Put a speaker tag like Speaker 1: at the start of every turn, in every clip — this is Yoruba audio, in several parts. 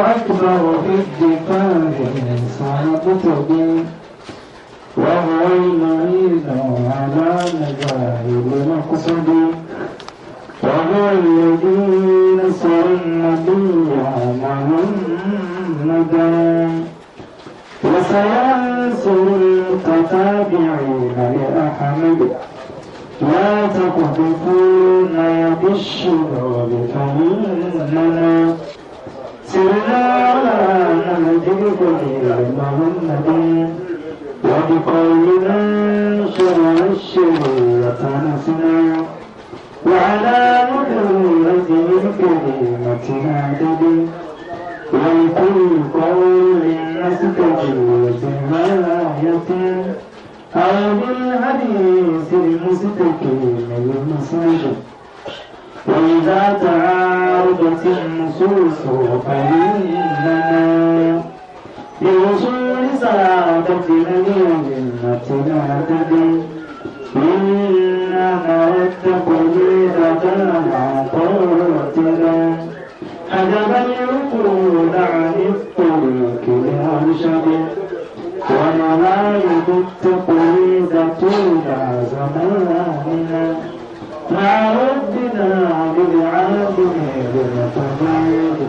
Speaker 1: أكبر في الدفاع سنكتب وهو المعين على نجاح المقصد وهو الذي نصر النبي محمدا وسينصر المتتابعين لأحمد لا تقذفون يد الشباب فإننا نجدكم محمدا وبقولنا سنعشر وتنسنا وعلى مدرسة الكلمة عدد ولكل قول نستجيب بآية أو بالحديث المستقيم المسجد وإذا تعارضت النصوص فإنما بوصول سعادة من الجنة نعتدي إنما التقديرة مع قوتنا أدب العقول عن الطريق الأرشد ونماذج التقليد طول زماننا إلى ربنا بالعالمين بالتمييز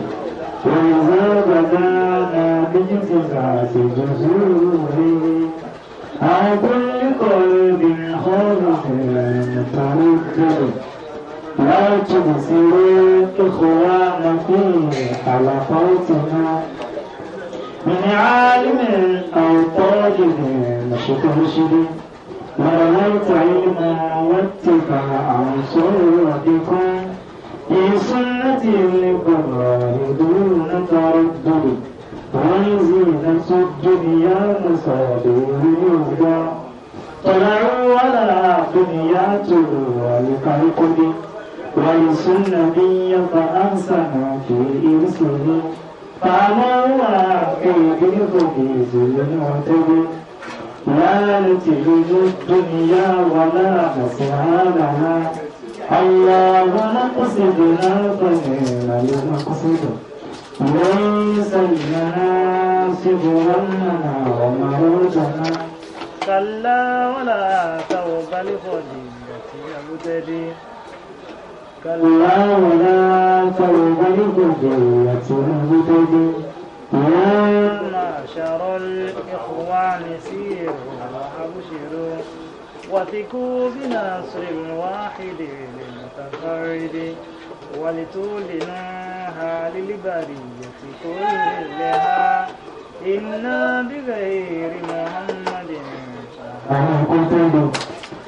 Speaker 1: وإذا بدانا بالتسعة جزوره أو كل قلب خلق متردد لا تبصر الإخوان في حلقاتنا من عالم أو طالب مسترشد ورأيت علما واتباع سنتكم في سنة الكبرى دون تردد وزينة الدنيا مصابيح يهدى طلعوا على دنيا تلوى الكرقد ولسنبي فأحسن في إرسله فأمر في بالخبيث المعتدل لا تهل الدنيا ولا حسنانها الله نقصد لا فنين لنقصد ليس المناسب ظننا ومروجنا كلا ولا ثوب لخديعة يبتدي كلا ولا ثوب لخديعة يبتدي يا معشر الإخوان سيروا وأبشروا وثقوا بنصر الواحد للمتفرد ولتولناها للبرية كلها إنا بغير محمد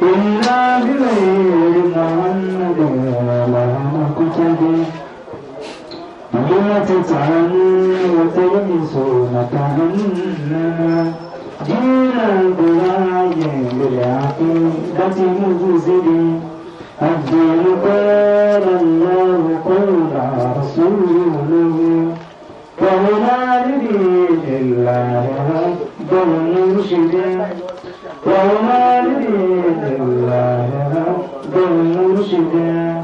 Speaker 1: إنا بغير محمد لهم كتبه ولا تجعلوا تلبسوا كأنما دين البراء بالعقيدة مجزري الدين قال الله قول رسوله وهنا لدين الله رب مرشد وهنا لدين الله رب مرشدا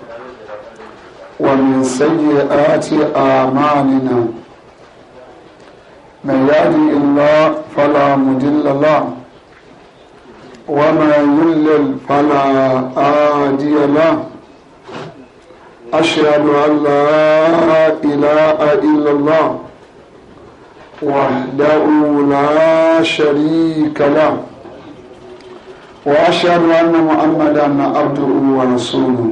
Speaker 2: ومن سيئات أعمالنا من يهدي الله فلا مضل له وما يضلل فلا هادي له أشهد أن لا إله إلا الله وحده لا شريك له وأشهد أن محمدا عبده ورسوله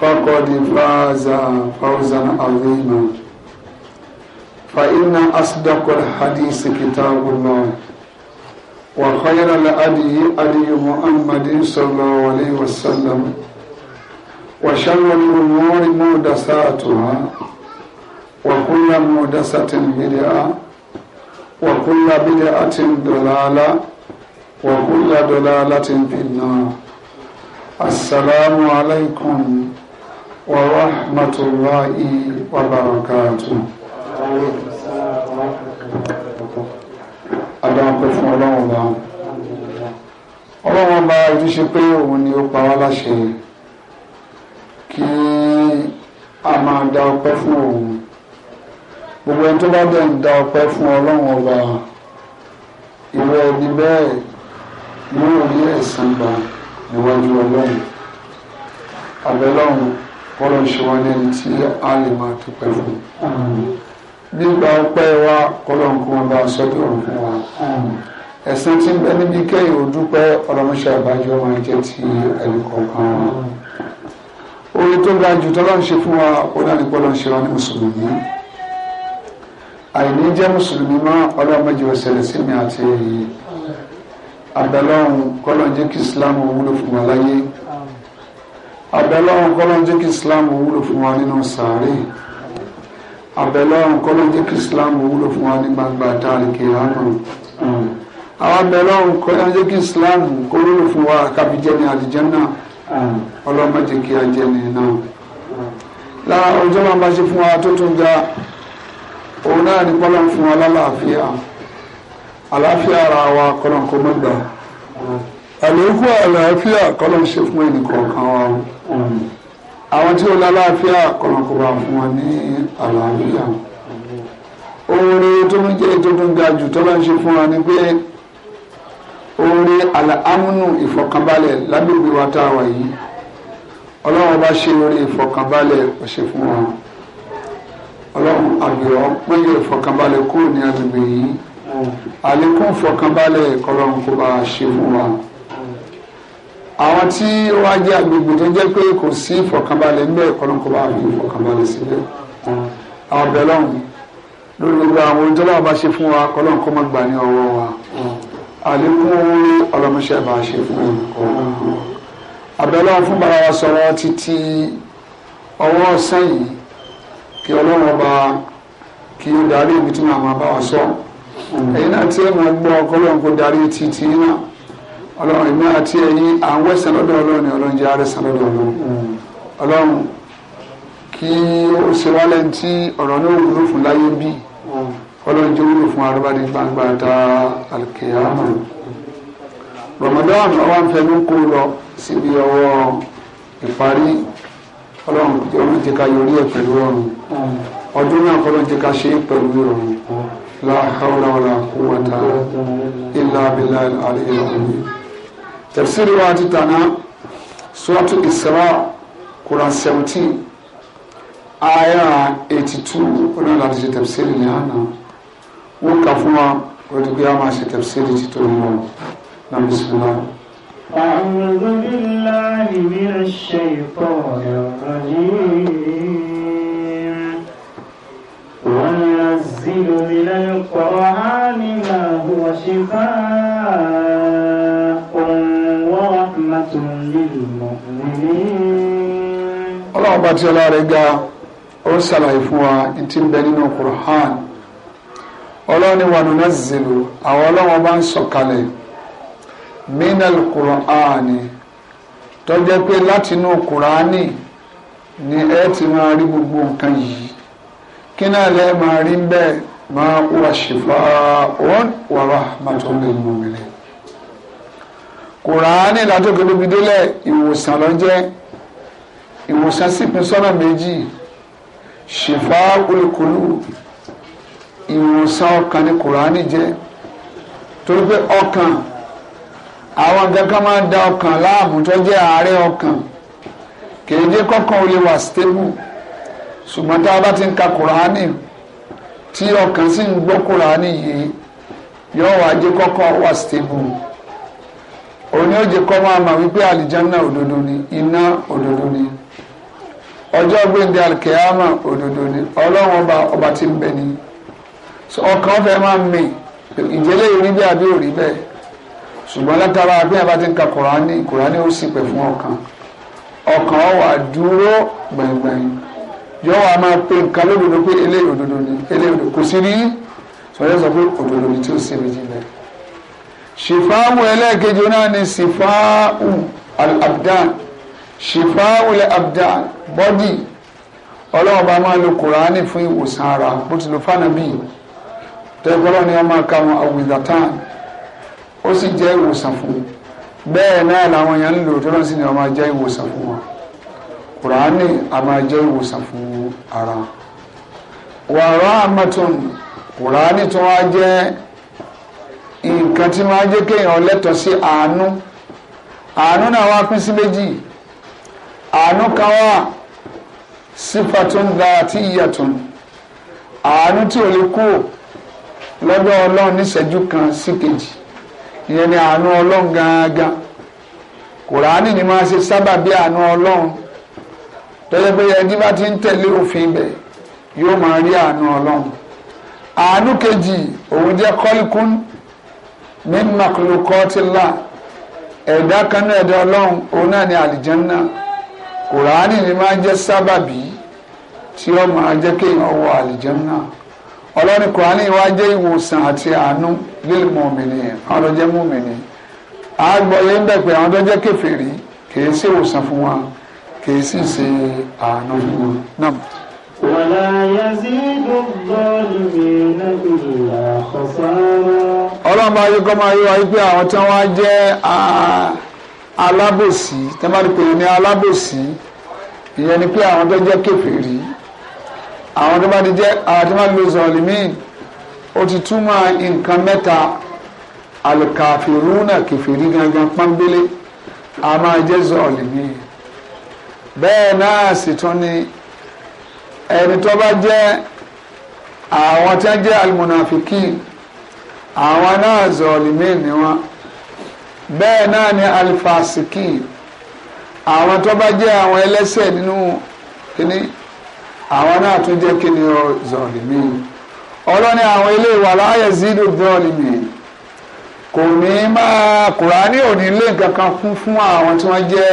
Speaker 2: فقد فاز فوزا عظيما فإن أصدق الحديث كتاب الله وخير الأدي أدي محمد صلى الله عليه وسلم وشر الأمور مودساتها وكل مودسة بدعة وكل بدعة ضلالة وكل ضلالة في النار السلام عليكم ورحمة الله وبركاته adáwọ̀pẹ́ fún ọlọ́run ọba ọlọ́run ọba ojú ṣe pé òun ni ó pa wá láṣẹ kí a máa dá ọpẹ́ fún òun gbogbo ẹni tó bá dẹ̀ ń dá ọpẹ́ fún ọlọ́run ọba ìwọ ẹni bẹ́ẹ̀ yóò rí ẹ̀san gbà níwájú ọlọ́run àbẹ́lọ́run kọ́lọ̀ ṣe wá ní ẹni tí a lè máa dúpẹ́ fún gbígba ọpẹ́ wa kọ́lọ̀ ń kó wọn bá sọ́dọ̀ òun fún wa ẹ̀sìn tí ń bẹ níbi kẹ́yìn òdúpẹ́ ọlọ́mọṣẹ́ àbájọ máa jẹ́ ti ẹnì kọ̀ọ̀kan wa orí tó ga jù tọ́lọ́ ń ṣe fún wa onánípọ́ ló ń ṣe wa ní mùsùlùmí àìní jẹ́ mùsùlùmí mọ́ ọlọ́mọdé ọ̀sẹ̀lẹ̀ sẹ́mi àti abẹ́lọ́run kọ́lọ́ ń jẹ́ kí islam wúlò fún wa láyé àbẹ̀lọ́run kọ́lọ́n jẹ́ kí islam wúlò fún wa nínú sàárè àbẹ̀lọ́run kọ́lọ́n jẹ́ kí islam wúlò fún wa ní gbangba táàríkì àrùn àwọn àbẹ̀lọ́run kọ́lọ́n jẹ́ kí islam kó wúlò fún wa kábíjẹ́ ní àlìjánnà ọlọ́mọ jẹ́ kí ajẹ́ ní náà lára ọjọ́ máa bá ṣe fún wa tó tún ga òun náà ní kọ́lọ́n fún wa lálàáfíà àlàáfíà ara wa kọ́lọ́n kó mọ́ gbà àlékún àlàáfíà kọ́lọ́n ṣe fún ẹnì kọ̀ọ̀kan wa. Um, àwọn tí ó lálàáfíà kọ̀ọ̀kọ̀wà fún wa ní àlàáfíà oore tó ń jẹ́ tó tún ga jù tó bá ń ṣe fún wa ni pé oore àmúnú ìfọ̀kànbalẹ̀ lágbègbè wa tá a wà yìí ọlọ́run bá ṣe oore ìfọ̀kànbalẹ̀ ọ̀ṣẹ̀ fún wa ọlọ́run àgbèrò péye ìfọ̀kànbalẹ̀ kúrò ní agbègbè yìí àlékún ìfọ̀kànbalẹ̀ kọlọ́run kó bá a ṣe fún wa àwọn tí ó wá jẹ́ agbègbè tó jẹ́ pé kò sí ìfọ̀kànbalẹ̀ ń bẹ kọ́lọ́kọ́ bá fi ìfọ̀kànbalẹ̀ sílẹ̀ àwọn ọbẹ̀ lọ́hùn lórí gbogbo àwọn ohun tó bá bá ṣe fún wa kọ́lọ́kọ́ má gbà ní ọwọ́ wa àlékún orí ọlọ́mọṣẹ́ bá ṣe fún wa àbẹ̀ lọ́hùn fún bàrà wa sọ̀rọ̀ títí ọwọ́ sẹ́yìn kí ọlọ́run ọba kí ó darí ibi tí màmá bá wa sọ ẹ̀yin náà tí ẹ̀ máa gbọ́ darí títí náà ọlọ́run èmi àti ẹ̀yin à ń wẹ̀sán lọ́dọ̀ ọlọ́run ni ọlọ́run jẹ́ àrẹ̀sán lọ́dọ̀ ọlọ́run ọlọ́run kí ó ṣe wálẹ̀ tí ọ̀rọ̀ náà wúlò fún láyé bí ọlọ́run jẹ́ wúlò fún arúgbádé gbangba ta alkiyama Ramadan ọwọ́ ń fẹnu kó lọ síbi ọwọ́ ìparí ọlọ́run ọlọ́run jẹ́ ká yọrí ẹ̀ pẹ̀lú ọ̀run ọdún náà kọ́ ló ká ṣe é pẹ̀lú ìrọ̀rùn la hawla wala quwwata illa billahi al-aliyyil tafsiri wa ti tàná sọ́tù Isra Quran 17 aya 82 two ó náà láti ṣe tafsiri ní àná wọ́n kà fún wa ó ti gbé a máa ṣe tafsiri títọ́ ìwọ̀n bismillah.
Speaker 1: أعوذ بالله من الشيطان الرجيم وننزل من القرآن ما هو شفاء
Speaker 2: ọlọ́run bá ti ọlá rẹ̀ ga ó ń ṣàlàyé fún wa ti ń bẹ nínú Qur'an ọlọ́run ni wa nunazzilu àwọn ọlọ́run bá ń sọ̀kalẹ̀ minal Qur'ani tó jẹ́ pé látinú Qur'ani ni ẹ ti máa rí gbogbo nǹkan yìí kí náà lẹ́ẹ̀ máa rí bẹ́ẹ̀ máa wà shifaa'un wa rahmatun lil mu'minin kùránì látòkè lóbi délẹ̀ ìwòsàn ló jẹ́ ìwòsàn sì pín sọ́nà méjì ṣèfà olùkúlù ìwòsàn ọkàn ni kùránì jẹ́ torí pé ọkàn àwọn nǹkan kan máa ń da ọkàn láàmú tó jẹ́ àárẹ̀ ọkàn kèéjé kọ́kàn ò lè wà stable ṣùgbọ́n tá a bá ti ń ka kùránì tí ọkàn sì ń gbọ́ kùránì yìí yóò wá jẹ́ kọ́kàn wà stable òní òjì kọ́ máa mà wípé àlìjánná òdodo ni iná òdodo ni ọjọ́ gbẹ̀ndẹ̀ àlìkẹ́yàmà òdodo ni ọlọ́run ọba ọba tí ń bẹ ni ọkàn fẹ́ máa ń mì ìjẹ́lẹ̀ yìí rí bẹ́ẹ̀ àbí ò rí bẹ́ẹ̀ ṣùgbọ́n látara bí àbá ti ń ka kùránì kùránì ó sì pẹ̀ fún ọkàn ọkàn wà dúró gbẹ̀ngbẹ̀ng yóò wá máa pe nǹkan lódodo pé eléyìí òdodo ni eléyìí òdodo kò sí rí sọ̀rọ̀ sọ pé òdodo ni tí ó sì méjì bẹ́ẹ̀ ṣìfáwù ẹlẹ́ẹ̀kejì náà ni ṣìfáwù al-abdan ṣìfáwù al-abdan bọ́dì ọlọ́run bá máa lo kùránì fún ìwòsàn ara bó ti lo fánàbí tẹ́gbọ́n ni wọ́n máa ka wọn àwùjọtán ó sì jẹ́ ìwòsàn fún un bẹ́ẹ̀ náà làwọn èèyàn ń lò tó lọ́sí ni wọ́n máa jẹ́ ìwòsàn fún wọn kùránì a máa jẹ́ ìwòsàn fún ara wàrà àmọ́tún kùránì tó wá jẹ́ nǹkan tí máa ń jẹ́ kéèyàn lẹ́tọ̀ọ́ sí àánú àánú náà wá pín sí méjì àánú kan wà da dáàtì ìyàtún àánú tí ò lè kú lọ́dọ̀ ọlọ́run níṣẹ́jú kan sí kejì ìyẹn ni àánú ọlọ́run gangan kùránì ni máa ṣe sábà bí àánú ọlọ́run tọ́jọ́ pé ẹni bá ti ń tẹ̀lé òfin bẹ̀ yóò máa rí àánú ọlọ́run àánú kejì òun jẹ́ Min makulukọ́tìlá ẹ̀dá kan náà ẹ̀dá ọlọ́run òun náà ní àlìjánná kùránì ni máa ń jẹ́ sábàbí tí ó máa jẹ́ kéèyàn wọ àlìjánná ọlọ́run kùránì wá jẹ́ ìwòsàn àti àánú lílù mọ̀mìnì àwọn tó jẹ́ mọ̀mìnì àgbọ̀yé ń bẹ̀ pé àwọn tó jẹ́ kèfèrí kì í sí ìwòsàn fún wa kì í sì ṣe àánú fún wa náà ọlọ́run bá yẹ kọ́ máa yọ wáyé pé àwọn tí wọ́n jẹ́ alábòsí tí wọ́n bá pè ní alábòsí ìyẹn ni pé àwọn tó jẹ́ kèfèrí àwọn tó bá ti jẹ́ àwọn tó bá lo zọlímì ó ti túmọ̀ nǹkan mẹ́ta alùkàfìrúnà kèfèrí gangan pọ́nbélé a máa jẹ́ zọlímì bẹ́ẹ̀ náà sì tún ni ẹni tó bá jẹ́ àwọn tí wọ́n jẹ́ almunafikin àwọn náà zọlìmí ni wọ́n bẹ́ẹ̀ náà ni alifasikin àwọn tó bá jẹ́ àwọn ẹlẹ́ṣẹ̀ nínú kíní àwọn náà tún jẹ́ kíní ọ zọlìmí ọlọ́ni àwọn ilé ìwà láàyè zidu zọlìmí kò ní máa kùránì ò ní lé nǹkan kan fún fún àwọn tí wọ́n jẹ́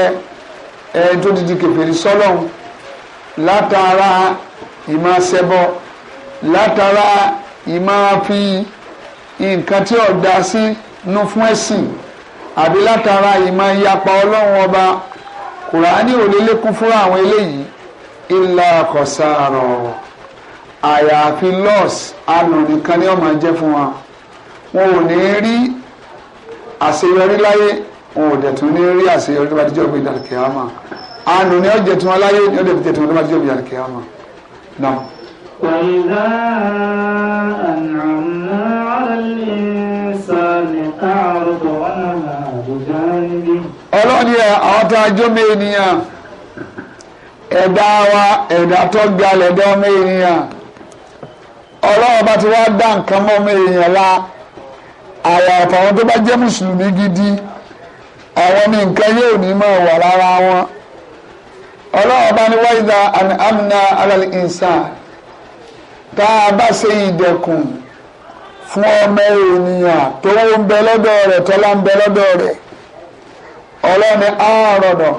Speaker 2: ẹni tó dídí kẹfẹ́ ní sọ́lọ́hún látara ìmọ̀ ṣẹbọ látara ìmọ̀ fi nǹkan tí ò dá sí nu fún ẹ̀sìn àbí látara ìmọ̀ ìyapa ọlọ́run ọba kùránì ò lè lékún fúnra àwọn eléyìí ìlà kọ̀sàrọ̀ àyàfi loss àánú nìkan ni wọ́n jẹ́ fún wa wọn ò ní rí àṣeyọrí láyé wọn ò dẹ̀ tún ní rí àṣeyọrí tó bá dijọ́ gbé dàkẹ́ àmà àánú ni ọjọ́ tí wọ́n láyé ni ó lè fi tètè wọn tó máa fi jòbí àlùkè àmà náà.
Speaker 1: وإذا أنعمنا على الإنسان أعرض
Speaker 2: ونهى بجانبه ọlọ́ni àwọn tá a jómi ènìyàn ẹ̀dá wa ẹ̀dá tó ga lẹ̀dá ọmọ ènìyàn ọlọ́run bá ti wá dá nǹkan mọ́ ọmọ ènìyàn la àyàfà àwọn tó bá jẹ́ mùsùlùmí gidi àwọn ní nǹkan yóò ní máa wà lára wọn ọlọ́run bá ní wáyídà àmì amúnà alálẹ́ ìsàn tá a bá ṣe ìdẹ̀kùn fún ọmọ ènìyàn tó ń bẹ lọ́dọ̀ rẹ̀ tọ́lá ń bẹ lọ́dọ̀ rẹ̀ ọlọ́ni àárọ̀dọ̀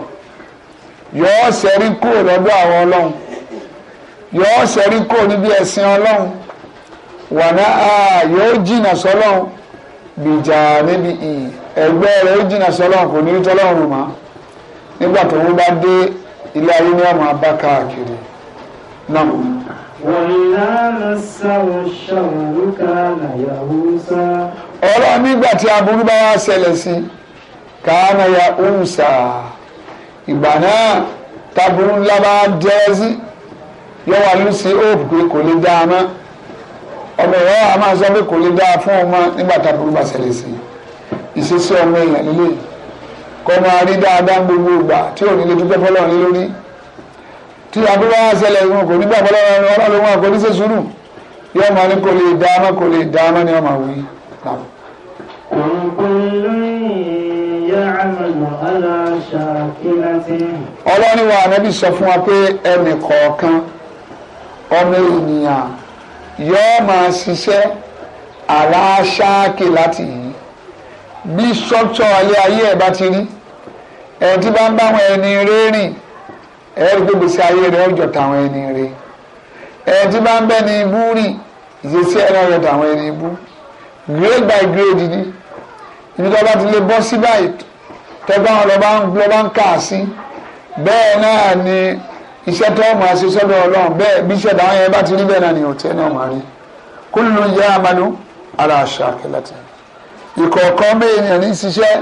Speaker 2: yọ̀ọ́ sẹ́rí kúrò lọ́dọ̀ àwọn ọlọ́run yọ̀ọ́ sẹ́rí kúrò níbi ẹ̀sìn ọlọ́run wà ní yóò jìnnà sọlọ́run gbìjà níbi ìyìn ẹgbẹ́ rẹ̀ ó jìnnà sọlọ́run kò ní í tọ́lọ́run mọ́ nígbà tó ń bá dé ilé ayé ni wọ́n máa bá káàkiri náà.
Speaker 1: wàhálà masáwò
Speaker 2: ṣàwòrán kàánà yahusa. ọ̀rọ̀ nígbà tí aburú bá wá ṣẹlẹ̀ sí kàánà yahusa ìgbà náà taburú ńlá bá jẹ́ sí yóò wá lù sí hope pé kò lè dáa mọ́ ọmọ ìwọ a máa sọ pé kò lè dáa fún ọmọ nígbà taburú bá ṣẹlẹ̀ sí ìṣesí ọmọ èèyàn kọ́ máa dáadáa gbogbo ìgbà tí ò ní lè dúpẹ́ fọlọ́run lórí tí abúlé wá ṣẹlẹ̀ ìwọ̀n kò ní gbà fọlọ́run ọlọ́run wọn kò ní ṣe sùúrù yóò máa ní kò lè dáná kò lè dáná ni wọ́n máa wí.
Speaker 1: ọlọ́run wa ànábì
Speaker 2: sọ fún wa pé ẹnì kọ̀ọ̀kan ọmọ ènìyàn yóò máa ṣiṣẹ́ aláṣáàkì láti yìí bí structure alẹ́ ayé ẹ̀ bá ti rí ẹni tí bá ń bá àwọn ẹni ré rìn ẹ̀rí gbogbo sí ayé rẹ̀ ọjọ́ táwọn ẹni rè ẹni tí bá ń bẹ́ ibú rìn ìṣesí ẹ̀rí ọjọ́ táwọn ẹni ibú grade by grade ni ibi tó bá ti lè bọ́ sí báyìí tẹ́gbọ́n àwọn lọ́ba ń lọ́ba ń kà sí bẹ́ẹ̀ náà ni iṣẹ́ tó máa ṣe sọ́dọ̀ ọlọ́run bẹ́ẹ̀ bí iṣẹ́ táwọn yẹn bá ti rí bẹ́ẹ̀ náà ni ọ̀tẹ́ náà máa rí kúlù yá amánú ara àṣà kẹlẹ́tẹ̀ẹ́ ìkọ̀ọ̀kan béèyàn ní ṣiṣẹ́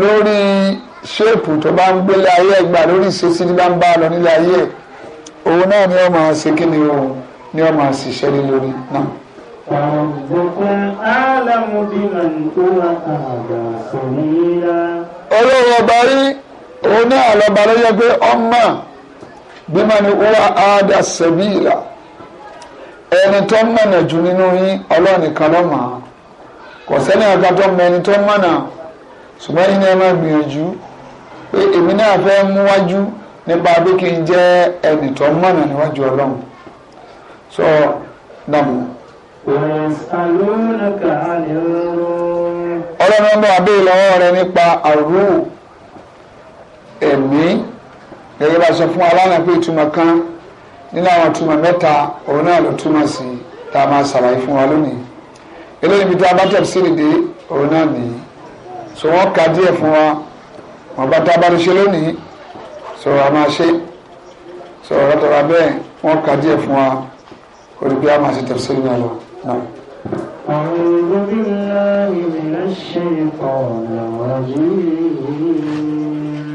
Speaker 2: lórí ṣéèpù tó bá ń gbélé ayé ẹgbà lórí ìṣesí tí bá ń bá lọ nílé ayé ẹ̀ òun náà ni wọ́n máa ṣe kí ni o ni wọ́n máa ṣiṣẹ́ lé lórí náà. Rabbukum a'lamu biman huwa ahda sabila. olówó ọba rí òun náà lọ́ba ló yẹ pé ọmọ biman huwa ahda sabila ẹni tó mọ̀nà jù nínú yín ọlọ́ọ̀nì kan lọ́mọ̀ọ́ kọ̀sẹ́nì àgbàtọ́ mẹni tó mọ̀nà ṣùgbọ́n yìí ni ẹ máa gbìyànjú pé èmi náà fẹ́ mú wájú nípa pé kí n jẹ́ ẹnì tó mọ̀nà níwájú ọlọ́run sọ dàmú. ọlọ́run ọba àbẹ́yẹ lọ́wọ́ rẹ nípa àrùn ẹ̀mí gẹ́gẹ́ bá sọ fún aláàánú pé ìtumọ̀ kan nínú àwọn ìtumọ̀ mẹ́ta òun náà ló túmọ̀ sí tá a máa ṣàlàyé fún wa lónìí eléyìí ibi tí a bá tẹ̀ òun náà nìyí so wọ́n ka díẹ̀ fún wa wọ́n bá tá a bá ti ṣe lónìí so a máa ṣe so ọ̀rọ̀ tọ́ra bẹ́ẹ̀ wọ́n ka díẹ̀ fún wa olùgbé a máa ṣe tẹ̀ sí nìyẹn lọ
Speaker 1: أعوذ بالله من الشيطان الرجيم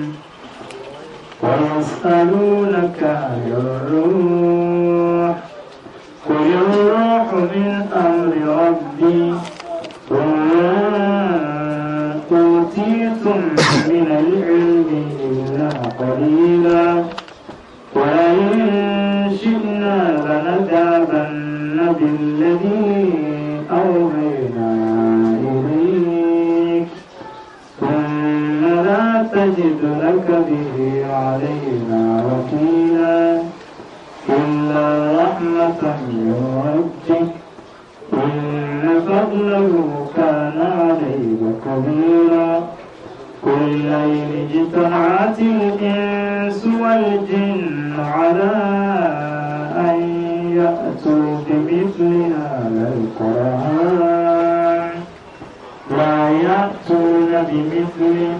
Speaker 1: ويسألونك عن الروح من أمر ربي وما أوتيتم من العلم إلا قليلا ولئن شئنا لنذهبن بالذي أوحينا إليك ثم لا تجد لك به علينا وكيلا إن فضله كان عليه كبيرا كل ليل اجتمعت الإنس والجن على أن يأتوا بمثل هذا القرآن لا يأتون بمثله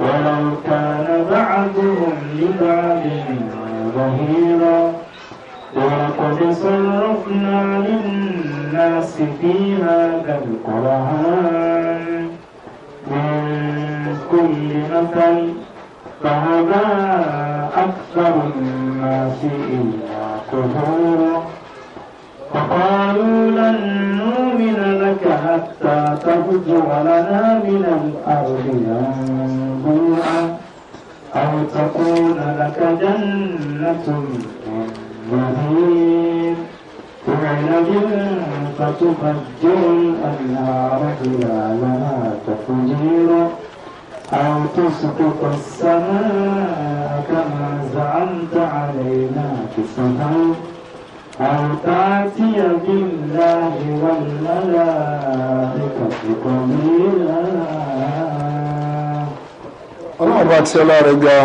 Speaker 1: ولو كان بعضهم لبعض ظهيرا ولقد صرفنا للناس في هذا القرآن من كل مثل فهدى أكثر الناس إلا كفورا فقالوا لن نؤمن لك حتى تفجر لنا من الأرض ينبوعا أو تكون لك جنة ظهير والذين فتبدل الأنهار خلالها تفجيرا أو تسقط السماء كما زعمت علينا كسفا أو تأتي بالله والملائكة قبيلا ọlọ́run bá tí ọlá
Speaker 2: rẹ̀ ga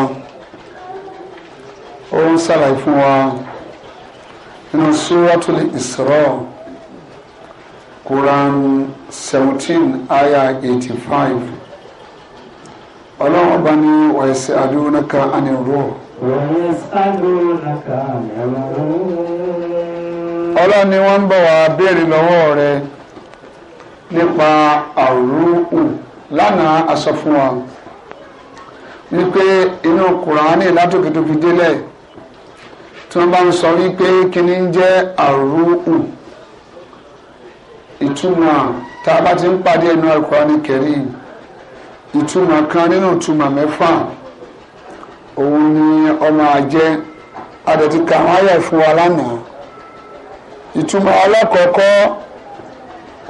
Speaker 2: ó ń ṣàlàyé fún wa nínú suratul Isra Quran 17, aya 85. five ọlọ́run ọba ní wàyẹ̀sẹ̀ adúnaka anirú. wàyẹ̀sẹ̀ adúnaka anirú. ọlọ́run ni wọ́n ń bọ̀ wá béèrè lọ́wọ́ rẹ̀ nípa àrùrù lánàá aṣọ fún wa wípé inú kùránì látòkè tó fi délẹ̀ tí wọ́n bá ń sọ wípé kíní jẹ́ àrùrù ìtumọ̀ tá a bá ti ń pàdé ẹnu ìtumọ̀ kan nínú ìtumọ̀ mẹ́fà òun ni ọmọ àjẹ́ adẹ̀tí ka ayẹ̀ fún wa lánàá ìtumọ̀ alákọ̀ọ́kọ́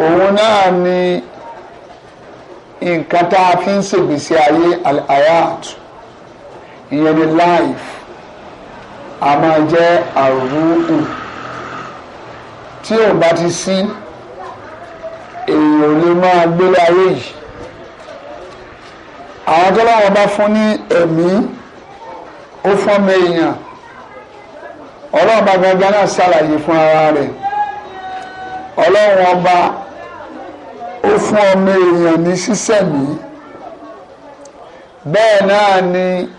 Speaker 2: òun náà ni nǹkan tá a fi ń ayé ìyẹn a máa jẹ́ àrùkù tí ò bá ti sí èèyàn lè máa gbélé ayé yìí àwọn tó láwọn bá fún ní ẹ̀mí ó fún ọmọ èèyàn ọlọ́run bá gangan náà ṣàlàyé fún ara rẹ̀ ọlọ́run ọba ó fún ọmọ èèyàn ní sísẹ̀mí bẹ́ẹ̀ náà ni. Sisemi,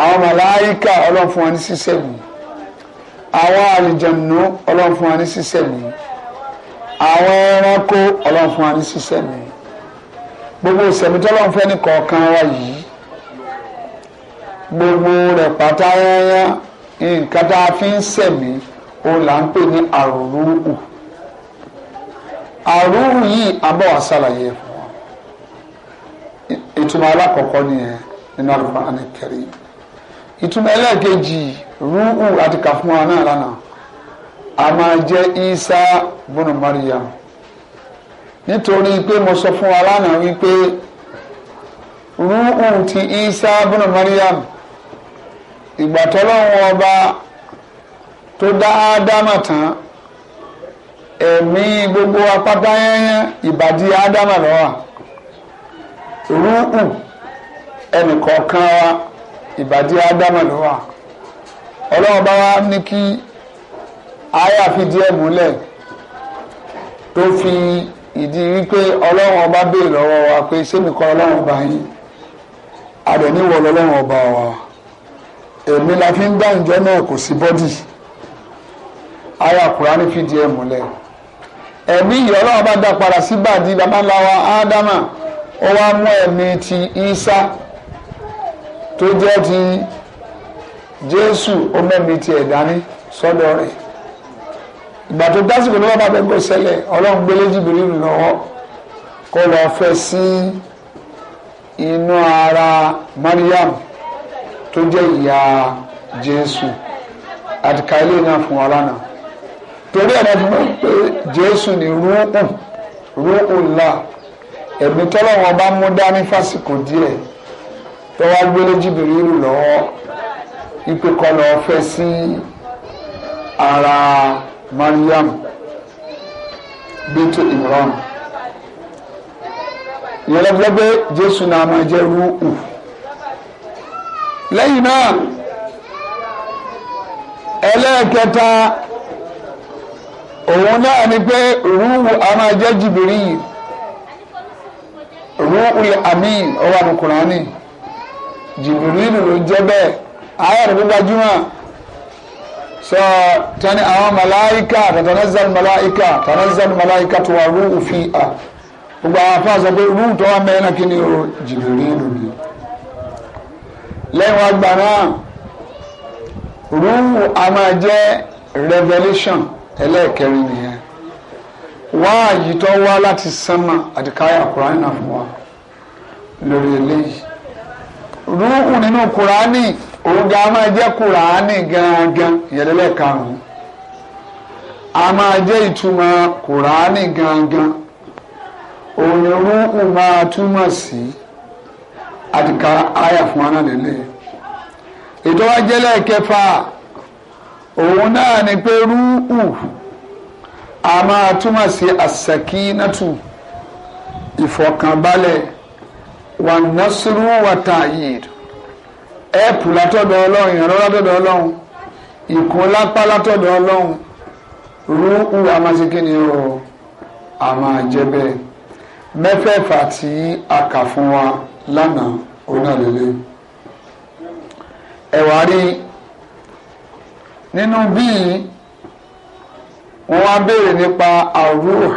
Speaker 2: àwọn màláìkà ọlọ́run fún wa ní sísẹ́gun àwọn àlìjẹ̀nù ọlọ́run fún wa ní sísẹ́gun àwọn ẹranko ọlọ́run fún wa ní sísẹ́gun gbogbo ìsẹ̀mí tọ́lọ́run fẹ́ ní kọ̀ọ̀kan wa yìí gbogbo rẹ̀ pátá yányá nǹkan tá a fi ń sẹ̀mí òun là ń pè ní àrùrù àrùrù yìí abọ́ wa ṣàlàyé fún wa ìtumọ̀ alákọ̀ọ́kọ́ nìyẹn nínú Al-Qur'an al ìtumọ̀ ẹlẹ́ẹ̀kejì rúhù àti kàfún wa náà lánàá a máa jẹ́ isa bùnú Maryam nítorí pé mo sọ fún wa lánàá wípé rúhù ti isa bùnú Maryam ìgbà tọ́lọ́run ọba tó dá ádámà tán ẹ̀mí gbogbo apáta yẹn ìbàdí ádámà lọ́wọ́ rúhù ẹnìkọ̀ọ̀kan wa. ìbàdí Adama ọlọ́run bá wá ní kí aya fi díẹ̀ múlẹ̀ tó fi ìdí wípé ọlọ́run ọba béèrè lọ́wọ́ wa pé ọlọ́run ọba yín lọ́lọ́run ọba wa èmi la fi ń dá ìjọ náà kò sí bọ́dì múlẹ̀ ẹ̀mí tó jẹ́ ti jésù ó mẹ́mi tiẹ̀ dání sọ́dọ̀ rẹ̀ ìgbà tó dásìkò lọ́wọ́ bá fẹ́ kó ṣẹlẹ̀ ọlọ́run gbélé jìbìrì lọ́wọ́ kó fẹ́ sí inú ara Mariam tó jẹ́ ìyá jésù àti náà fún wa lánàá torí ẹ̀rọ pé jésù ńlá ẹ̀mí bá tó wá gbélé jìbìrìlù lọ́wọ́ ipe kọ́ lọ fẹ́ sí ara Mariam bintu Imran ìyẹn lọ́gbẹ́ pé Jésù náà máa jẹ́ rúùkù lẹ́yìn náà ẹlẹ́ẹ̀kẹta òun náà ni pé rúùwù a máa jẹ́ jìbìrì rúùwù amín ọwọ́ àdùkùnrin jìbìrìlù ló ń jẹ́ bẹ́ẹ̀ ayé rẹ̀ ló sọ tani àwọn màláìka tàtànàzàlù màláìka tàtànàzàlù màláìka tó wà rúù fi à gbogbo àwọn afọ àṣọ pé rúù tó wà mẹ́rin kí ni o jìbìrìlù ni lẹ́yìn Wa gbà náà rúù a máa jẹ́ revelation ẹlẹ́ẹ̀kẹrin nìyẹn wáàyí tó wá láti sánmà àti káyà kúránì náà fún wa lórí eléyìí rúùkù nínú kùránì òun gan máa jẹ́ kùránì gangan ìyẹ̀lẹ́lẹ̀ karùn a máa jẹ́ ìtumọ̀ kùránì gangan òun ni máa túmọ̀ sí ka àyà fún wa náà lélẹ̀ ètò wa òun náà ni pé rúùkù a máa túmọ̀ sí ifo kan wà násùrù wà tààyè ẹ̀pù látọ̀dọ̀ ọlọ́run ìrànlọ́wọ́ látọ̀dọ̀ ọlọ́run ìkún lápá látọ̀dọ̀ ọlọ́run rú ú amáṣekínni o a máa jẹ bẹ́ẹ̀ mẹ́fẹ̀ẹ̀fà tí a kà fún wa lánàá onálélẹ́ ẹ̀wà rí nínú bíi wọ́n wá béèrè nípa àrùn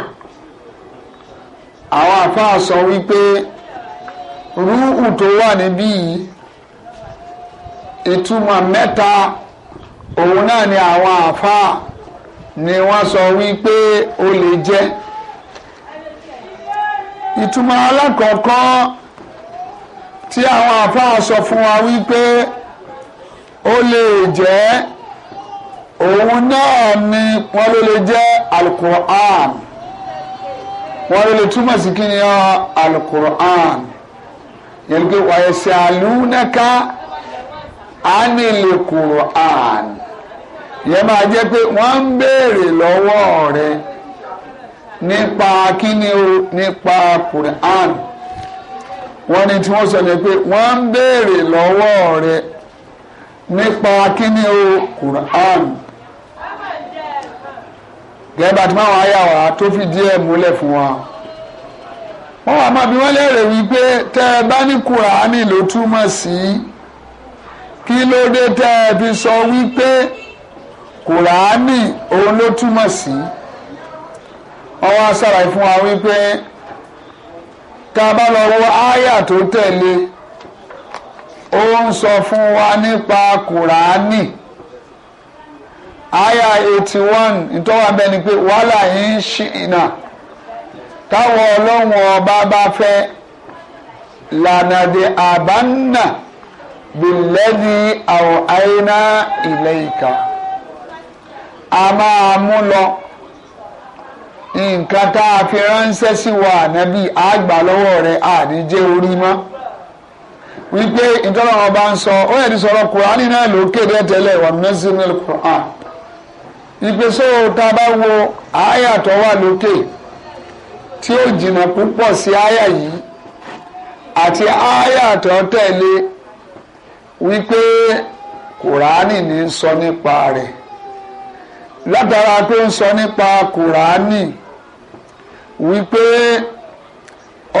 Speaker 2: àwọn àfáà sọ wípé. Ruhu tó wà níbí yìí ìtumọ̀ mẹ́ta òun náà ni àwọn àáfàá ni wọ́n sọ wípé ó lè jẹ́ ìtumọ̀ alákọ̀ọ́kọ́ tí àwọn àáfàá sọ fún wa wípé ó lè jẹ́ òun náà ni wọ́n ló lè jẹ́ alukur'an wọ́n ló lè túmọ̀ sí kí ni ọ alukur'an yẹn pé wàyẹsẹ̀ àlùnàká ánìlẹ̀kùrù àn yẹn máa jẹ́ pé wọ́n nípa kíni o nípa Qur'an wọ́n ní tí wọ́n sọ ni pé wọ́n ń béèrè lọ́wọ́ rẹ nípa kíni o Qur'an gẹ́gẹ́ bá ti máa wá wá tó fi díẹ̀ múlẹ̀ fún wa. wọ́n wà máa bí wọ́n rè wípé tẹ́ ẹ bá ní kùránì ló túmọ̀ sí kí ló dé tẹ́ ẹ fi sọ wípé kùránì òun ló túmọ̀ sí wọ́n wá ṣàlàyé fún wa wípé tá a bá lọ wọ áyà tó tẹ̀lé ó ń sọ fún wa nípa kùránì áyà eighty one ìtọ́wà bẹ́ẹ̀ ni pé wàhálà yìí ń ṣìnà. táwọn ọlọ́run ọba bá fẹ́ lànàdì àbánà bìlẹ́dì àwọn àyínà ilẹ̀ ìka a máa mú lọ nǹkan tá a fi ránṣẹ́ sí wa ànábì àgbà lọ́wọ́ rẹ̀ àdíjẹ́ orí mọ́ wípé ìtọ́lọ́wọ́ bá ń sọ ó yẹ ti sọ̀rọ̀ kùránì náà ló kéde tẹ́lẹ̀ wà mẹ́sìn kùránì ìpèsè tá bá wo àyà wà lókè tí ó jìnnà púpọ̀ sí àyà yìí àti àyà tó tẹ̀lé wípé kùránì ní ń sọ nípa rẹ̀ látara tó ń sọ nípa kùránì wípé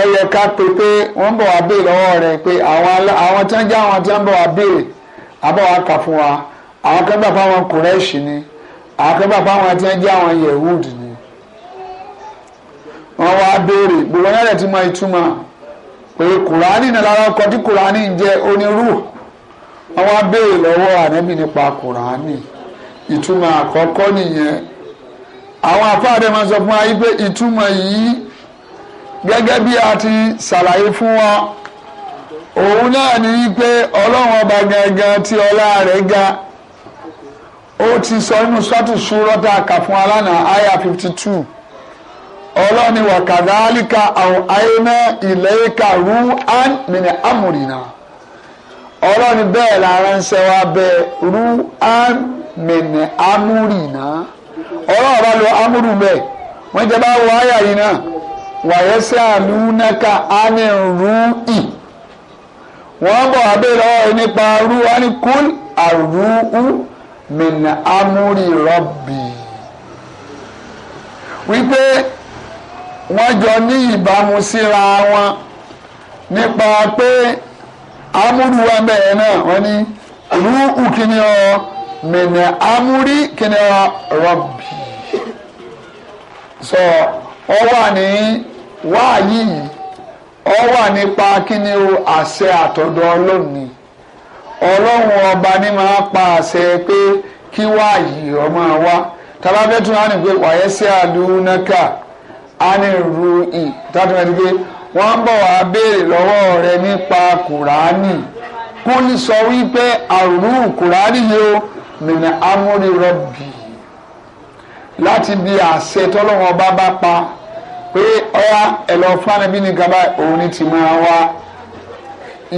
Speaker 2: ó yẹ ká pé pé wọ́n bọ̀ wá béèrè lọ́wọ́ rẹ̀ pé àwọn tí wọ́n jẹ́ àwọn tí wọ́n bọ̀ wá béèrè àbọ̀ wá kà fún wa àwọn kan fáwọn kùrẹ́ṣì ni àwọn kan gbà fáwọn tí wọ́n jẹ́ àwọn yehud ni. wọ́n wá béèrè gbogbo wọn rẹ̀ ti mọ ìtumọ̀ pé kùránì náà lára ọkọ̀ tí kùránì ń jẹ́ onírú wọ́n wá béèrè lọ́wọ́ ànábì nípa kùránì ìtumọ̀ àkọ́kọ́ nìyẹn àwọn afáàdé máa sọ fún wa yìí pé ìtumọ̀ yìí bí a ti ṣàlàyé fún wa òun náà ní pé ọba gangan tí ọlá rẹ̀ ga ó ti sọ inú sọ́tù ṣúrọ́tà kà fún alánà aya fifty two. ọlọ́ni wà kàdálíkà àwọn àyẹ̀mẹ́ ìlẹ́yìká rú án mìíràn amúrìnà ọlọ́ni bẹ́ẹ̀ lára ń ṣe wa bẹ́ẹ̀ rú án mìíràn amúrìnà ọlọ́run bá lo amúrù bẹ́ẹ̀ wọ́n jẹ́ bá wọ àyà yìí náà wàyẹ́ sí àlùnáka ánì rú ì wọ́n bọ̀ abẹ́rẹ́ ọ̀rọ̀ nípa rú án kúl àrú ú mìíràn amúrì rọ́bì wípé. wọ́n jọ ní ìbámu síra wọn nípa pé amúrúwa bẹ́ẹ̀ náà wọ́n ní rúùkù kíni ọ mẹ̀nà amúrí kíni ọ rọ̀bì sọ ọ wà ní yìí ọ wà nípa kíni àṣẹ àtọ̀dọ̀ ọlọ́run ọba ní máa pa àṣẹ pé kí wá aniru i tàbí wọn ti pé wọn ń bọ̀ wá béèrè lọ́wọ́ rẹ nípa kùránì kúlì sọ wípé àrùn kùránì yìí mìíràn amúrí rọ̀bì láti bí àṣẹ tọ́lọ́wọ́ bá bá pa pé ọ̀yá ẹ̀ lọ fún ànábì ní gaba òun ni ti máa wá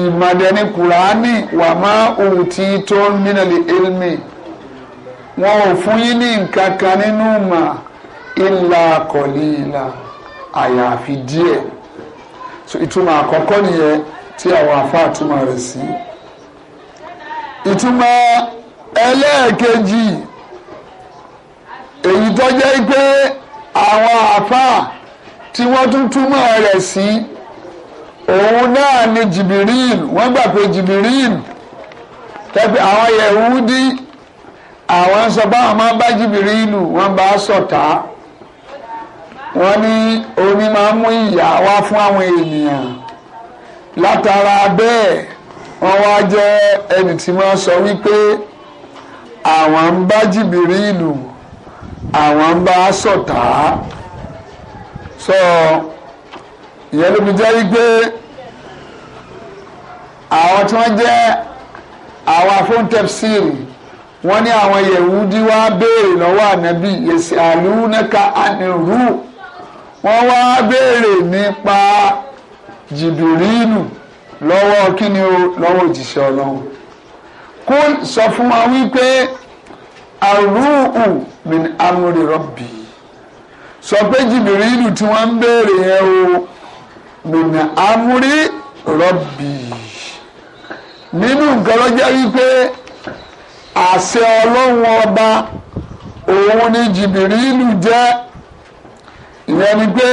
Speaker 2: ìmọ̀dẹ́ni kùránì wà máa ohun tí tó ń mìíràn lè élmi wọn ò fún yín ní nǹkan kan nínú màá ìlà kọ̀lí ìlà àyàfi díẹ̀ so ìtumọ̀ àkọ́kọ́ nìyẹn tí àwọn afá àtúmọ̀ rẹ̀ sí ìtumọ̀ ẹlẹ́ẹ̀kejì èyí tó jẹ́ pé àwọn afá tí wọ́n tún túmọ̀ rẹ̀ sí òun náà ni jìbìrìl wọ́n gbà pé jìbìrìl tẹ́pẹ́ àwọn Yẹhudi àwọn sọ báwọn máa bá jìbìrìl wọ́n bá sọ̀tá. So wọ́n ní omi máa ń mú ìyà wá fún àwọn ènìyàn látara bẹ́ẹ̀ wọ́n wá jẹ́ ẹni tí wọ́n sọ wípé àwọn ń bá jìbìrì ìlú àwọn ń bá ṣọ̀tá sọ ìyẹn ló fi jẹ́ wípé àwọn tí wọ́n jẹ́ àwọn afóńtẹ̀síìrì wọ́n ní àwọn yẹ̀wúdí wá béèrè lọ́wọ́ ànábì yẹ̀sì àlùú nẹ́ka ànírú. wọ́n wá béèrè nípa jìbìrínù lọ́wọ́ kíni o lọ́wọ́ òjìṣẹ́ ọlọ́run kó sọ fún wa wípé àrùhù min amúri rọ́bì sọ pé jìbìrínù tí wọ́n ń béèrè yẹn o min amúri rọ́bì nínú nǹkan lọ́jọ́ wípé àṣẹ ọlọ́run ọba òun ni jìbìrínù jẹ́ ìyẹn ni pé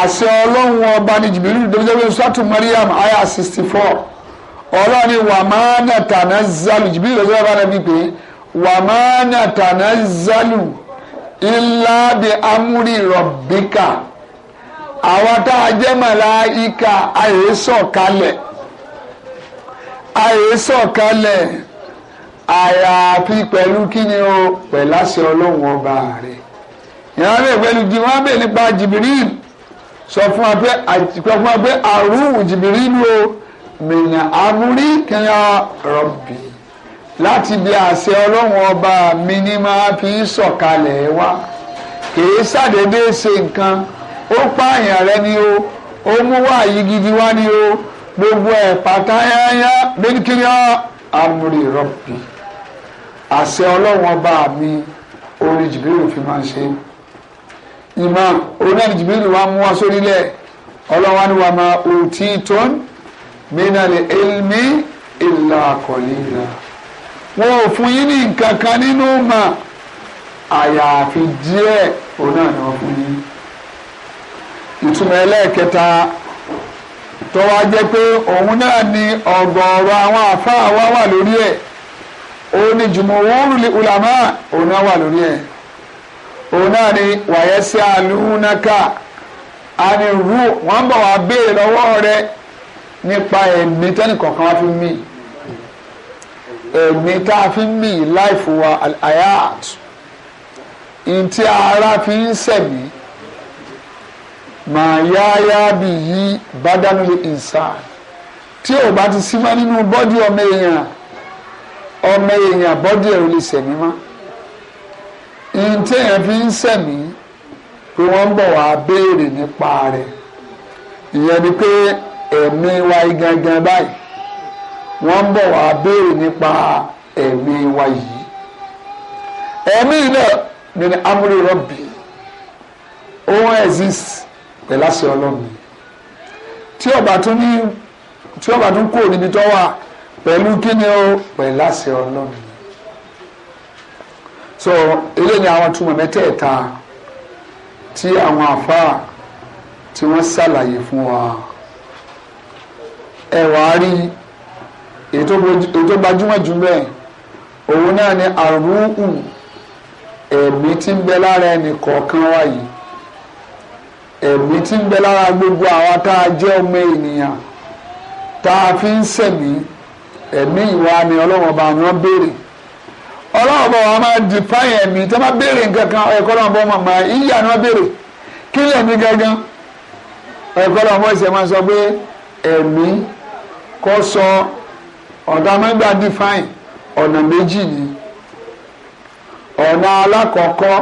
Speaker 2: àṣẹ ọlọ́run ọba ní jìbìrì dọ́jọ́bí sọ́tù mariam aya sixty four ọlọ́run ni wà máa nà tànà zálù jìbìrì dọ́jọ́bí ọba rẹ̀ bí pé wà máa nà tànà zálù illa bi amúrì rọ̀bíkà àwa tá a jẹ́ màláíkà àyèsọ̀ kalẹ̀ àyèsọ̀ kalẹ̀ àyàfi pẹ̀lú kíni o pẹ̀láṣẹ ọlọ́run ọba rẹ̀ ìran bẹ́ẹ̀ pẹ̀lú jì wọ́n bẹ̀ nípa jìbìrìl sọ fún wa pé àti sọ fún wa pé àrùn jìbìrìl o mìnà àmúrí kẹyà rọ̀bì láti bí àṣẹ ọlọ́run ọba mi ni máa fi ń sọ̀kalẹ̀ wá kìí ṣàdédé ṣe nǹkan ó pààyàn rẹ ni o ó mú wáyé gidi wá ni o gbogbo ẹ̀ pàtàyàyà bíkíyà àmúrí rọ̀bì àṣẹ ọlọ́run ọba mi orí jìbìrìl fi máa ń ṣe ìmọ̀ onáni jìbìrì wa mú wa sórílẹ̀ ọlọ́wà ni wà máa òtí tón mínàlẹ̀ elmi ìlà kọ̀lìlà wọn ò fún yín ní nǹkan kan nínú mà àyàfi díẹ̀ onáà ni wọ́n fún yín ìtumọ̀ ẹlẹ́ẹ̀kẹta tọ́wá jẹ́ pé òun náà ni ọ̀gọ̀ọ̀rọ̀ àwọn àfáà wa wà lórí ẹ̀ ó ní jùmọ̀ wọ́n rúlé ulama òun náà wà lórí ẹ̀. òun náà ni wàyẹsẹ a ànirú wọn bọ wá béèrè lọ́wọ́ rẹ nípa ẹ̀mí tẹnìkọ̀ọ̀kan wá fi mí ẹ̀mí tá a fi mí láìfò wa àyàt ntí ara fi ń sẹ̀mí màá yáyá bí yí bádánulè ìsàn tí ò bá ti sí mọ́ nínú bọ́dí ọmọ èèyàn ọmọ èèyàn bọ́dí ẹ̀rù lè sẹ̀mí mọ́ ihun tí èèyàn fi ń sẹ̀mí pé wọ́n ń bọ̀ wá béèrè nípa rẹ̀ ìyẹn ni pé ẹ̀mí wa yìí gangan báyìí wọ́n ń bọ̀ wá béèrè nípa ẹ̀mí wa yìí ẹ̀mí náà ni ni amúlé rọ́bì òun exist pẹ̀lú àṣẹ ọlọ́run tí ọba tún ní tí ọba tún kúrò níbi tó wà pẹ̀lú kíni o pẹ̀lú àṣẹ ọlọ́run so eléyìí ni àwọn túmọ̀ mẹ́tẹ̀ẹ̀ta tí àwọn àfáà tí wọ́n ṣàlàyé fún wa ẹ wàá rí ètò gbajúmọ̀ jù bẹ́ẹ̀ òun náà ni àrùn ẹ̀mí tí ń bẹ lára ẹnì kọ̀ọ̀kan wa yìí ẹ̀mí tí ń bẹ lára gbogbo àwa tá a jẹ́ ọmọ ènìyàn tá a fi ń sẹ̀mí ẹ̀mí ìwà ni ọlọ́wọ́n bá wọn béèrè ọlọ́run bọ̀ wọn máa di fáyẹn ẹ̀mí tí béèrè nkankan ẹ̀kọ́ bọ́ máa ni béèrè kí lè ní gángan ẹ̀kọ́ lọ́wọ́ bọ́ ìṣẹ̀ sọ pé ẹ̀mí kọ́ sọ ọ̀dà mẹ́gbà di fáyẹn ọ̀nà ni ọ̀nà alákọ̀ọ́kọ́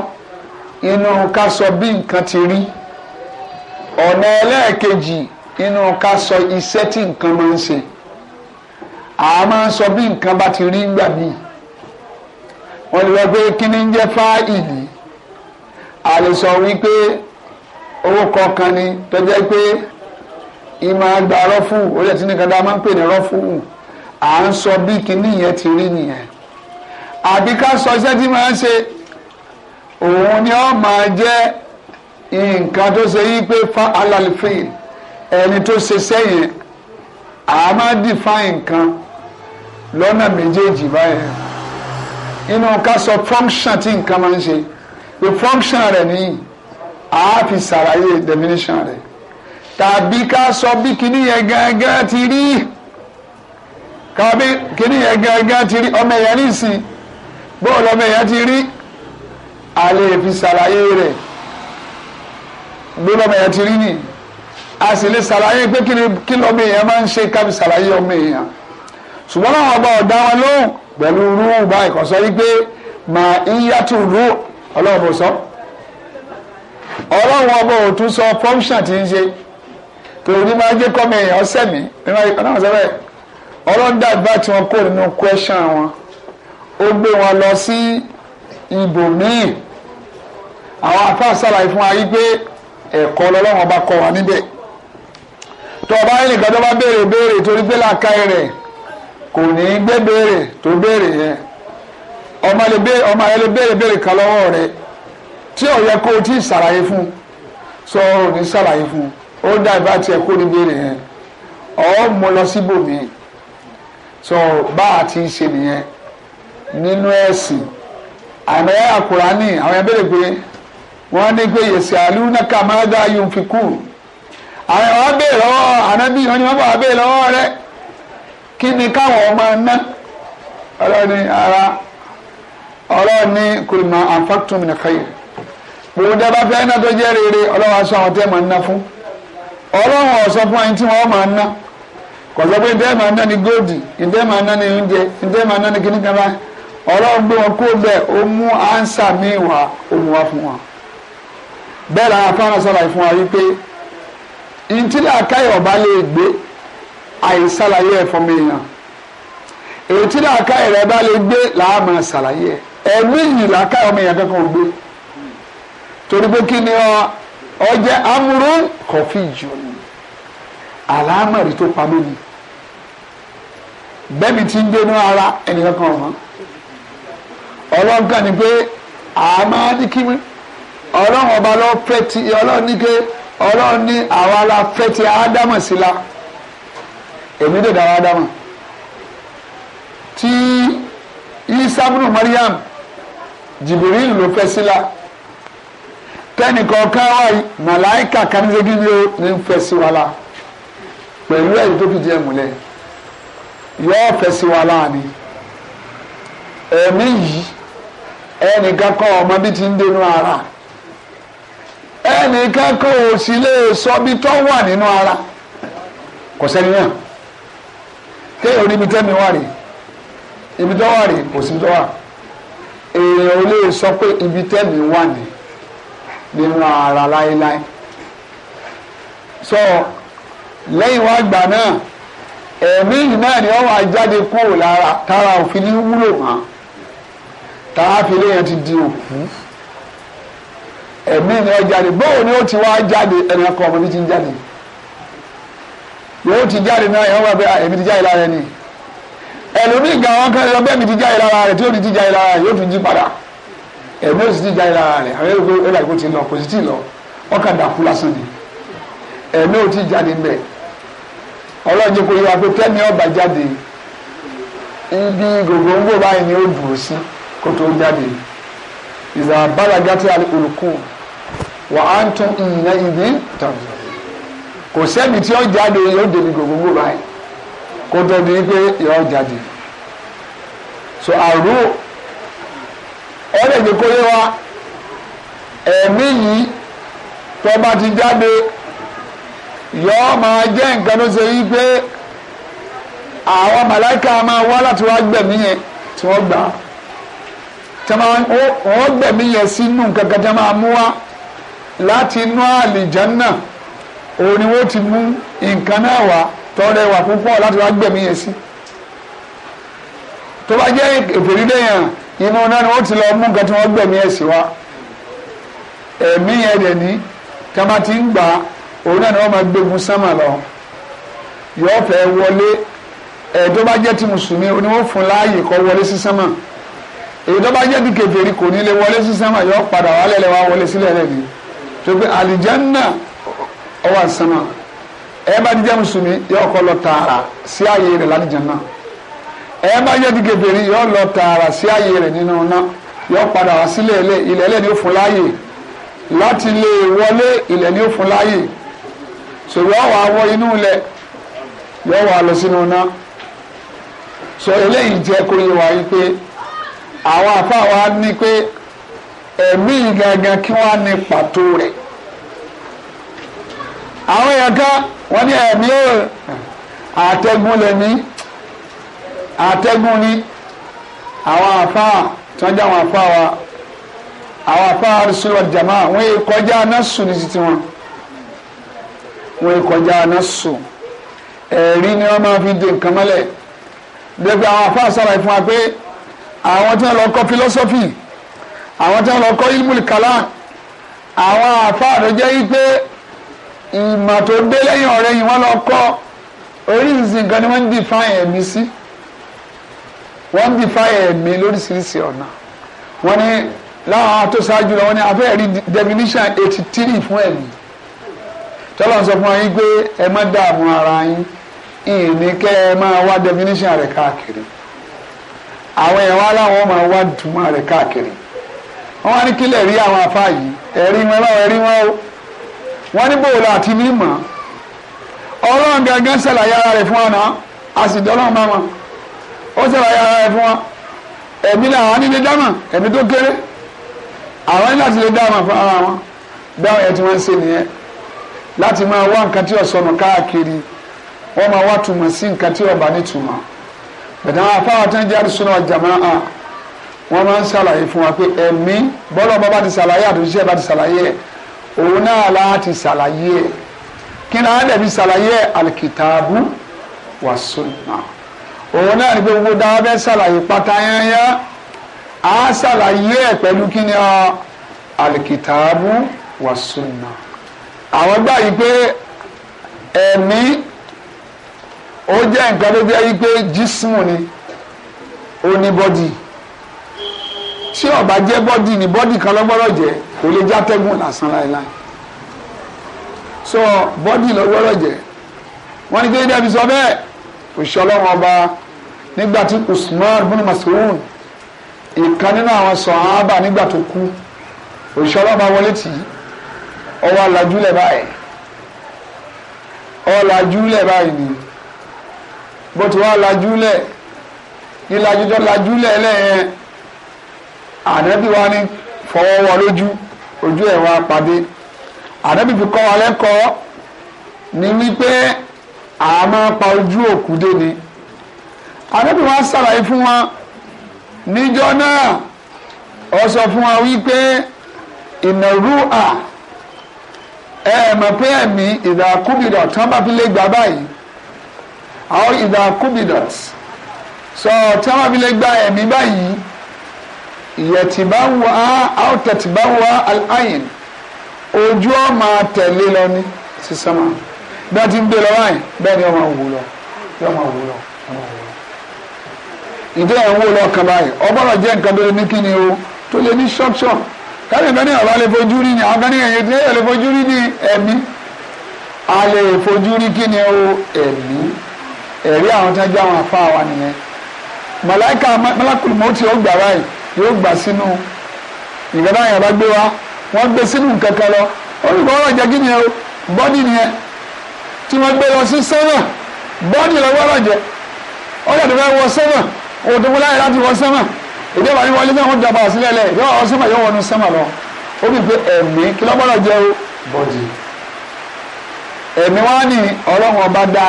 Speaker 2: inú ká sọ bí nǹkan ti rí ọ̀nà ẹlẹ́ẹ̀kejì inú ká sọ iṣẹ́ tí nǹkan máa ń ṣe sọ bí nǹkan bá ti rí gbà wọ́n lè wọ́n pé kí ni ń jẹ́ fáìlì a lè sọ wípé owó kọ̀ọ̀kan ni tó jẹ́ pé ìmọ̀ àgbà rọ́fù orí ẹ̀tí nìkan dá máa ń pè ní rọ́fù à ń sọ bí kinní yẹn ti rí nìyẹn àbí ká sọ iṣẹ́ tí máa ń ṣe òun ni ó máa jẹ́ nǹkan tó ṣe yí pé fa alalifin ẹni tó ṣe sẹ́yìn àá máa dìfá nǹkan lọ́nà méjèèjì báyẹn inú ká sọ function tí nǹkan máa ń ṣe the function rẹ̀ nìyí a fi ṣàlàyé definition rẹ̀ tàbí ká sọ bí kinní yẹn gángan ti rí ká bí kinní yẹn gángan ti rí ọmọ ẹ̀yà nísìn bóòlù ọmọ ẹ̀yà ti rí a lè fi ṣàlàyé rẹ̀ bóòlù ọmọ ẹ̀yà ti rí nìyí a sì lè ṣàlàyé pé kí lọ́mọ èèyàn máa ń ṣe kábi ṣàlàyé ọmọ èèyàn ṣùgbọ́n àwọn ọba ọ̀dá wọn lóhùn pẹ̀lú rúù báyìí kò sọ wípé mà ń yàtò rúù ọlọ́run bò sọ ọlọ́run ọba ò tún sọ pọ́ńṣà tí ń ṣe torí ní máa jẹ́ kọ́mọ èèyàn ọ̀sẹ̀ mi nínú ayé kan náà sọ bẹ́ẹ̀ ọlọ́run dàgbà tí wọ́n kó nínú kwẹ́ṣàn wọn ó gbé wọn lọ sí ibòmíì àwọn afá sàlàyé fún wa yí ẹ̀kọ́ lọ́lọ́run ọba kọ́ wa níbẹ̀ tó ọba ẹnìkan tó bá béèrè béèrè torí pé làákàyè rẹ̀ kò ní gbé béèrè tó béèrè yẹn ọmọ lè ọ ọmọ rẹ lè béèrè béèrè kan lọ́wọ́ rẹ tí ò yẹ kó o ti ṣàlàyé fún sọ ò ní ṣàlàyé fún ó dá ìbá tiẹ̀ kó ní béèrè yẹn ọ̀ mo lọ síbòmí sọ bá a ti ṣe nìyẹn nínú ẹ̀sìn àkùránì àwọn pé wọ́n ní pé yèsì máa dá àwọn bèèrè lọ́wọ́ ni wọ́n bèèrè lọ́wọ́ kí ni káwọn ọmọ ná ọlọ́ni ara ọlọ́ni kùrìmọ̀ àfàtúmì nìkan yìí gbogbo dábàá fẹ́ ná tó jẹ́ rere ọlọ́wọ́ aṣọ àwọn tẹ́ máa ná fún ọlọ́run ọ̀sọ́ fún ẹni tí wọ́n máa ná pé ǹdẹ́ máa ná ni góòdì ǹdẹ́ máa ná ni ni kíní kan báyìí gbé wọn kó bẹ́ẹ̀ ó mú míì wá wá fún wọn. bẹ́ẹ̀ làwọn àìsàlàyé ẹ̀ fọmọ èèyàn èyí tí làákà ẹ̀rẹ́ bá lè gbé làámà ṣàlàyé ẹ̀ ẹ̀mí yìí làákà ọmọ èèyàn kankan ò gbé torí pé kí ni ọ jẹ́ amúrú kọfí jù ni àlámọ̀rí tó pamọ́ ni bẹ́ẹ̀ni ti ń dénú ara ẹnìkan kan ọ̀mọ́ ọlọ́nkàn ni pé àmọ́ ní kí ọlọ́run ọba lọ́ọ́ fẹ́ ti ọlọ́run ní ké ọlọ́run ní àwa la fẹ́ ti ádámọ̀ sí la èmi lè dára dámọ̀ tí isabunu Mariam Jibril ló fẹ́ sílá tẹnìkan kan wá màláìkà kaníṣẹ́gí ni ó fẹ́ sí wa la pẹ̀lú ẹ̀yìn tó fi jẹ́ múlẹ̀ yóò fẹ́ sí wa la ni ẹ̀mí yìí ẹnìkan kọ́ ọmọ bí ti ń dénú ara ẹnìkan kọ́ òsì lè sọ bí tó wà nínú ara kò sẹ́ni náà kéèyàn rí ibi tẹ́mi wà rè ibi tó wà rè kò sí tó wà èèyàn ò lè sọ pé ibi tẹ́mi wà ní nínú ara láéláé sọ lẹ́yìn wá gbà náà ẹ̀mí yìí náà ni wọ́n wá jáde kúrò lára tára òfin ní wúlò mọ́ tára fi léyìn ti di òkú ẹ̀mí ni wọ́n jáde bóun ni ó ti wá jáde ẹnì kan ọmọ ti ń jáde yìí yòówù ti jáde náà yẹn wọ́n wá pé ah, èmi ti jáde lára ẹni ẹlòmíì gan wọn kẹrin ọgbẹ́ mi ti jáde lára rẹ̀ tí ó ti ti jáde lára rẹ̀ yóò tún jí padà ẹ̀mí ó sì ti jáde lára rẹ̀ àwọn ẹ̀rọ ẹ̀rọ àìkú ti lọ kò sì ti lọ ọkàn dàkú lásán ni ẹ̀mí ò ti jáde mbẹ́ ọlọ́jẹ́ kò yẹ wá pé tẹ́mi ọba jáde ibi gògóńgò báyìí ni ó dùn sí kó tó jáde ìzàbálagàtì olùkù wà á ń tún ìyìnlẹ̀ ìdí tàbí kò sẹ́ni tí ó jáde yóò débi gbogbogbò báyìí kó tó di pé yóò jáde so àrùn ọ̀rẹ́dẹ̀ kó yé wa ẹ̀mí yìí tó bá ti jáde yóò máa jẹ́ nǹkan tó ṣe yí pé àwọn màláìka máa wá láti wá gbẹ̀mí yẹn tí wọ́n gbà á wọ́n gbẹ̀mí yẹn sínú nǹkan kan tẹ́lẹ̀ máa mú wá láti inú àlìjánná. No òun ni wọ́n ti mú nǹkan náà wá tọ́lẹ̀ wà púpọ̀ láti wá gbẹ̀mí yẹn sí tó bá jẹ́ ìpèrídé yẹn inú náà ni wọ́n ti lọ mú nǹkan tí wọ́n gbẹ̀mí yẹn sí wa ẹ̀mí yẹn dẹ̀ ní tí a bá ti ń gbà òun náà ni wọ́n máa gbégun sánmà lọ yọ̀ọ́ fẹ́ wọlé ẹ̀ tó bá jẹ́ ti mùsùlùmí ni wọ́n fún láàyè kọ́ wọlé sí sánmà èyí tó bá jẹ́ ti kèfèrí kò ní ọwọ́ àsánmà ẹ bá jíjẹ́ mùsùlùmí yóò kọ́ lọ tààrà sí ààyè rẹ̀ lálìjánnà ẹ bá jẹ́ ti kèfèrí yóò lọ tààrà sí ààyè rẹ̀ nínú iná yóò padà wá sílẹ̀ ilẹ̀ ilẹ̀ ilẹ̀ ni ó fún láàyè láti lè wọlé ilẹ̀ ni ó fún láàyè so yóò wá wọ inú ilẹ̀ yóò wá lọ sínú iná so eléyìí jẹ́ kó yé wa yìí pé àwọn àfáà wa ní pé ẹ̀mí gangan kí wọ́n á ní pàtó rẹ̀ àwọn èèyàn kan wọ́n ní ẹ̀mí ó àtẹ̀gùn lèmi àtẹ̀gùn ni àwọn àfáà tí wọ́n jẹ́ àwọn àfáà wa àwọn àfáà arúsùlù ọ̀jàmá wọ́n yé kọjá anásù ní títí wọn wọ́n yé kọjá anásù ẹ̀rí ni wọ́n máa fi de nǹkan mọ́lẹ̀ dẹ́gbẹ́ àwọn àfáà sàlàyé fún wa pé àwọn tí wọ́n lọ kọ́ fílọ́sọ́fì àwọn tí wọ́n lọ kọ́ ilmùlì àwọn àfáà rẹ̀ jẹ́ yí pé ìmọ̀ tó dé lẹ́yìn ọ̀rẹ́ yìí wọ́n lọ kọ́ oríṣiríṣi nǹkan ni wọ́n ń define ẹ̀mí sí wọ́n ń define ẹ̀mí lóríṣiríṣi ọ̀nà wọ́n ní láwọn tó ṣáájú lọ wọ́n ní afẹ́ rí definition eighty three fún ẹ̀mí tọ́lọ́ sọ fún wa yín pé ẹ má dààmú ara yín ìní kẹ́ ẹ máa wá definition rẹ̀ káàkiri àwọn ẹ̀ wá láwọn máa wá dùnmọ́ rẹ̀ káàkiri wọ́n wá ní kílẹ̀ rí àwọn afá yìí ẹ̀rí wọn láwọn ẹ̀rí wọn o wọ́n ní bòòlù àti mímọ́ ọlọ́run gangan ṣàlàyé ara rẹ̀ fún wa náà a sì dọ́lọ́run bá wọn ó ṣàlàyé ara rẹ̀ fún wa ẹ̀mí náà àwọn nílé dámà ẹ̀mí tó kéré àwọn ní láti lè dámà fún ara wọn dáhùn ẹ̀ tí wọ́n ń ṣe nìyẹn láti máa wá nǹkan tí ò sọnù káàkiri wọ́n máa wá túmọ̀ sí nǹkan tí ò ní túmọ̀ bẹ̀dẹ̀ àwọn afáwọn tó ń jẹ́ àdúsùn náà jàmáà wọ́n máa ń ṣàlàyé fún wa pé ẹ̀mí bọ́lọ̀ bá bá ti ṣàlàyé àdúnṣe bá ti ṣàlàyé ẹ̀ òun náà láti ṣàlàyé ẹ̀ kí náà dẹ̀bi ṣàlàyé ẹ̀ alikitaabu wa sunna òun náà ní gbogbo dáa bẹ́ẹ̀ ṣàlàyé pátá yányá á ṣàlàyé ẹ̀ pẹ̀lú kí ni ọ alikitaabu wa sunna àwọn gbà yìí pé ẹ̀mí ó jẹ́ nǹkan tó jẹ́ wípé jísímù ni ó ní bọ́dì tí ó jẹ́ bọ́dì ni bọ́dì kan lọ́gbọ́dọ̀ jẹ́ kò lè já tẹ́gùn lásán láéláé so bọ́dì lọ gbọ́dọ̀ jẹ́ wọ́n ní kéde dàbí sọ bẹ́ẹ̀ òṣìṣẹ́ ọlọ́run ọba nígbà tí Usman bin Mas'ud ìkan nínú àwọn sọ̀hábà nígbà tó kú òṣìṣẹ́ ọlọ́run ọba wọlé tì í ọwọ́ alájúlẹ̀ báyìí ọlàjúlẹ̀ báyìí ni bó ti wá lajúlẹ̀ ìlàjújọ́ lajúlẹ̀ lẹ́yìn ànábì wa ní fọwọ́ wọ lójú ojú ẹ̀ wá pàdé ànábì fi kọ́ wa lẹ́kọ̀ọ́ ni wípé a máa pa ojú òkú dé ni ànábì wa ṣàlàyé fún wa níjọ́ náà ó sọ fún wa wípé ìnàrú à ẹ mọ̀ pé ẹ̀mí ìdàkúbìdà tí wọ́n bá fi lè gbà báyìí àwọn ìdàkúbìdà sọ tí wọ́n bá fi lè gba ẹ̀mí báyìí yẹtìbáwa àwòtẹ̀tìbáwa aláyìn ojú ọ máa tẹ̀lé lọ ní sísánmà bí wọ́n ti ń gbé lọ báyìí bẹ́ẹ̀ ni ọmọ wò lọ yọ ọmọ wò lọ ọmọ wò lọ. ìdí ẹ̀ ń wò lọ kan báyìí ọgbọ́dọ̀ jẹ́ nǹkan tó lè ní kíni o tó lè ní ṣọ́ọ̀ṣọ́ káyọ̀ kan ní ọ̀rọ̀ alẹ́ rí ni àwọn ẹ̀yẹ tí ẹ̀yẹ lè rí ni ẹ̀mí alẹ́ rí kíni o ẹ̀mí ẹ̀rí àwọn tí wọ́n jẹ́ àwọn àfa wa nìyẹn màláìka mọ́lákùnrin mọ́tì ó báyìí yóò gbà sínú ìgbàdá yẹn bá gbé wa wọ́n gbé sínú nǹkan kan lọ olùkọ́ ọ̀rọ̀ jẹ́ ni o bọ́dì nìyẹn tí wọ́n gbé lọ sí sẹ́nà bọ́dì lọ́wọ́ ọ̀rọ̀ jẹ́ ọ̀rọ̀ tó fẹ́ wọ sẹ́nà òtòkú láyé láti wọ sẹ́nà ìdí ìbàdí wọlé náà wọ́n dàbà sílẹ̀ lẹ̀ yọ ọ sẹ́nà yọ wọnú sẹ́nà lọ ó bí pé ẹ̀mí kí lọ́gbọ́dọ̀ jẹ́ o bọ́dì ẹ̀mí wá ní ọlọ́run ọba dá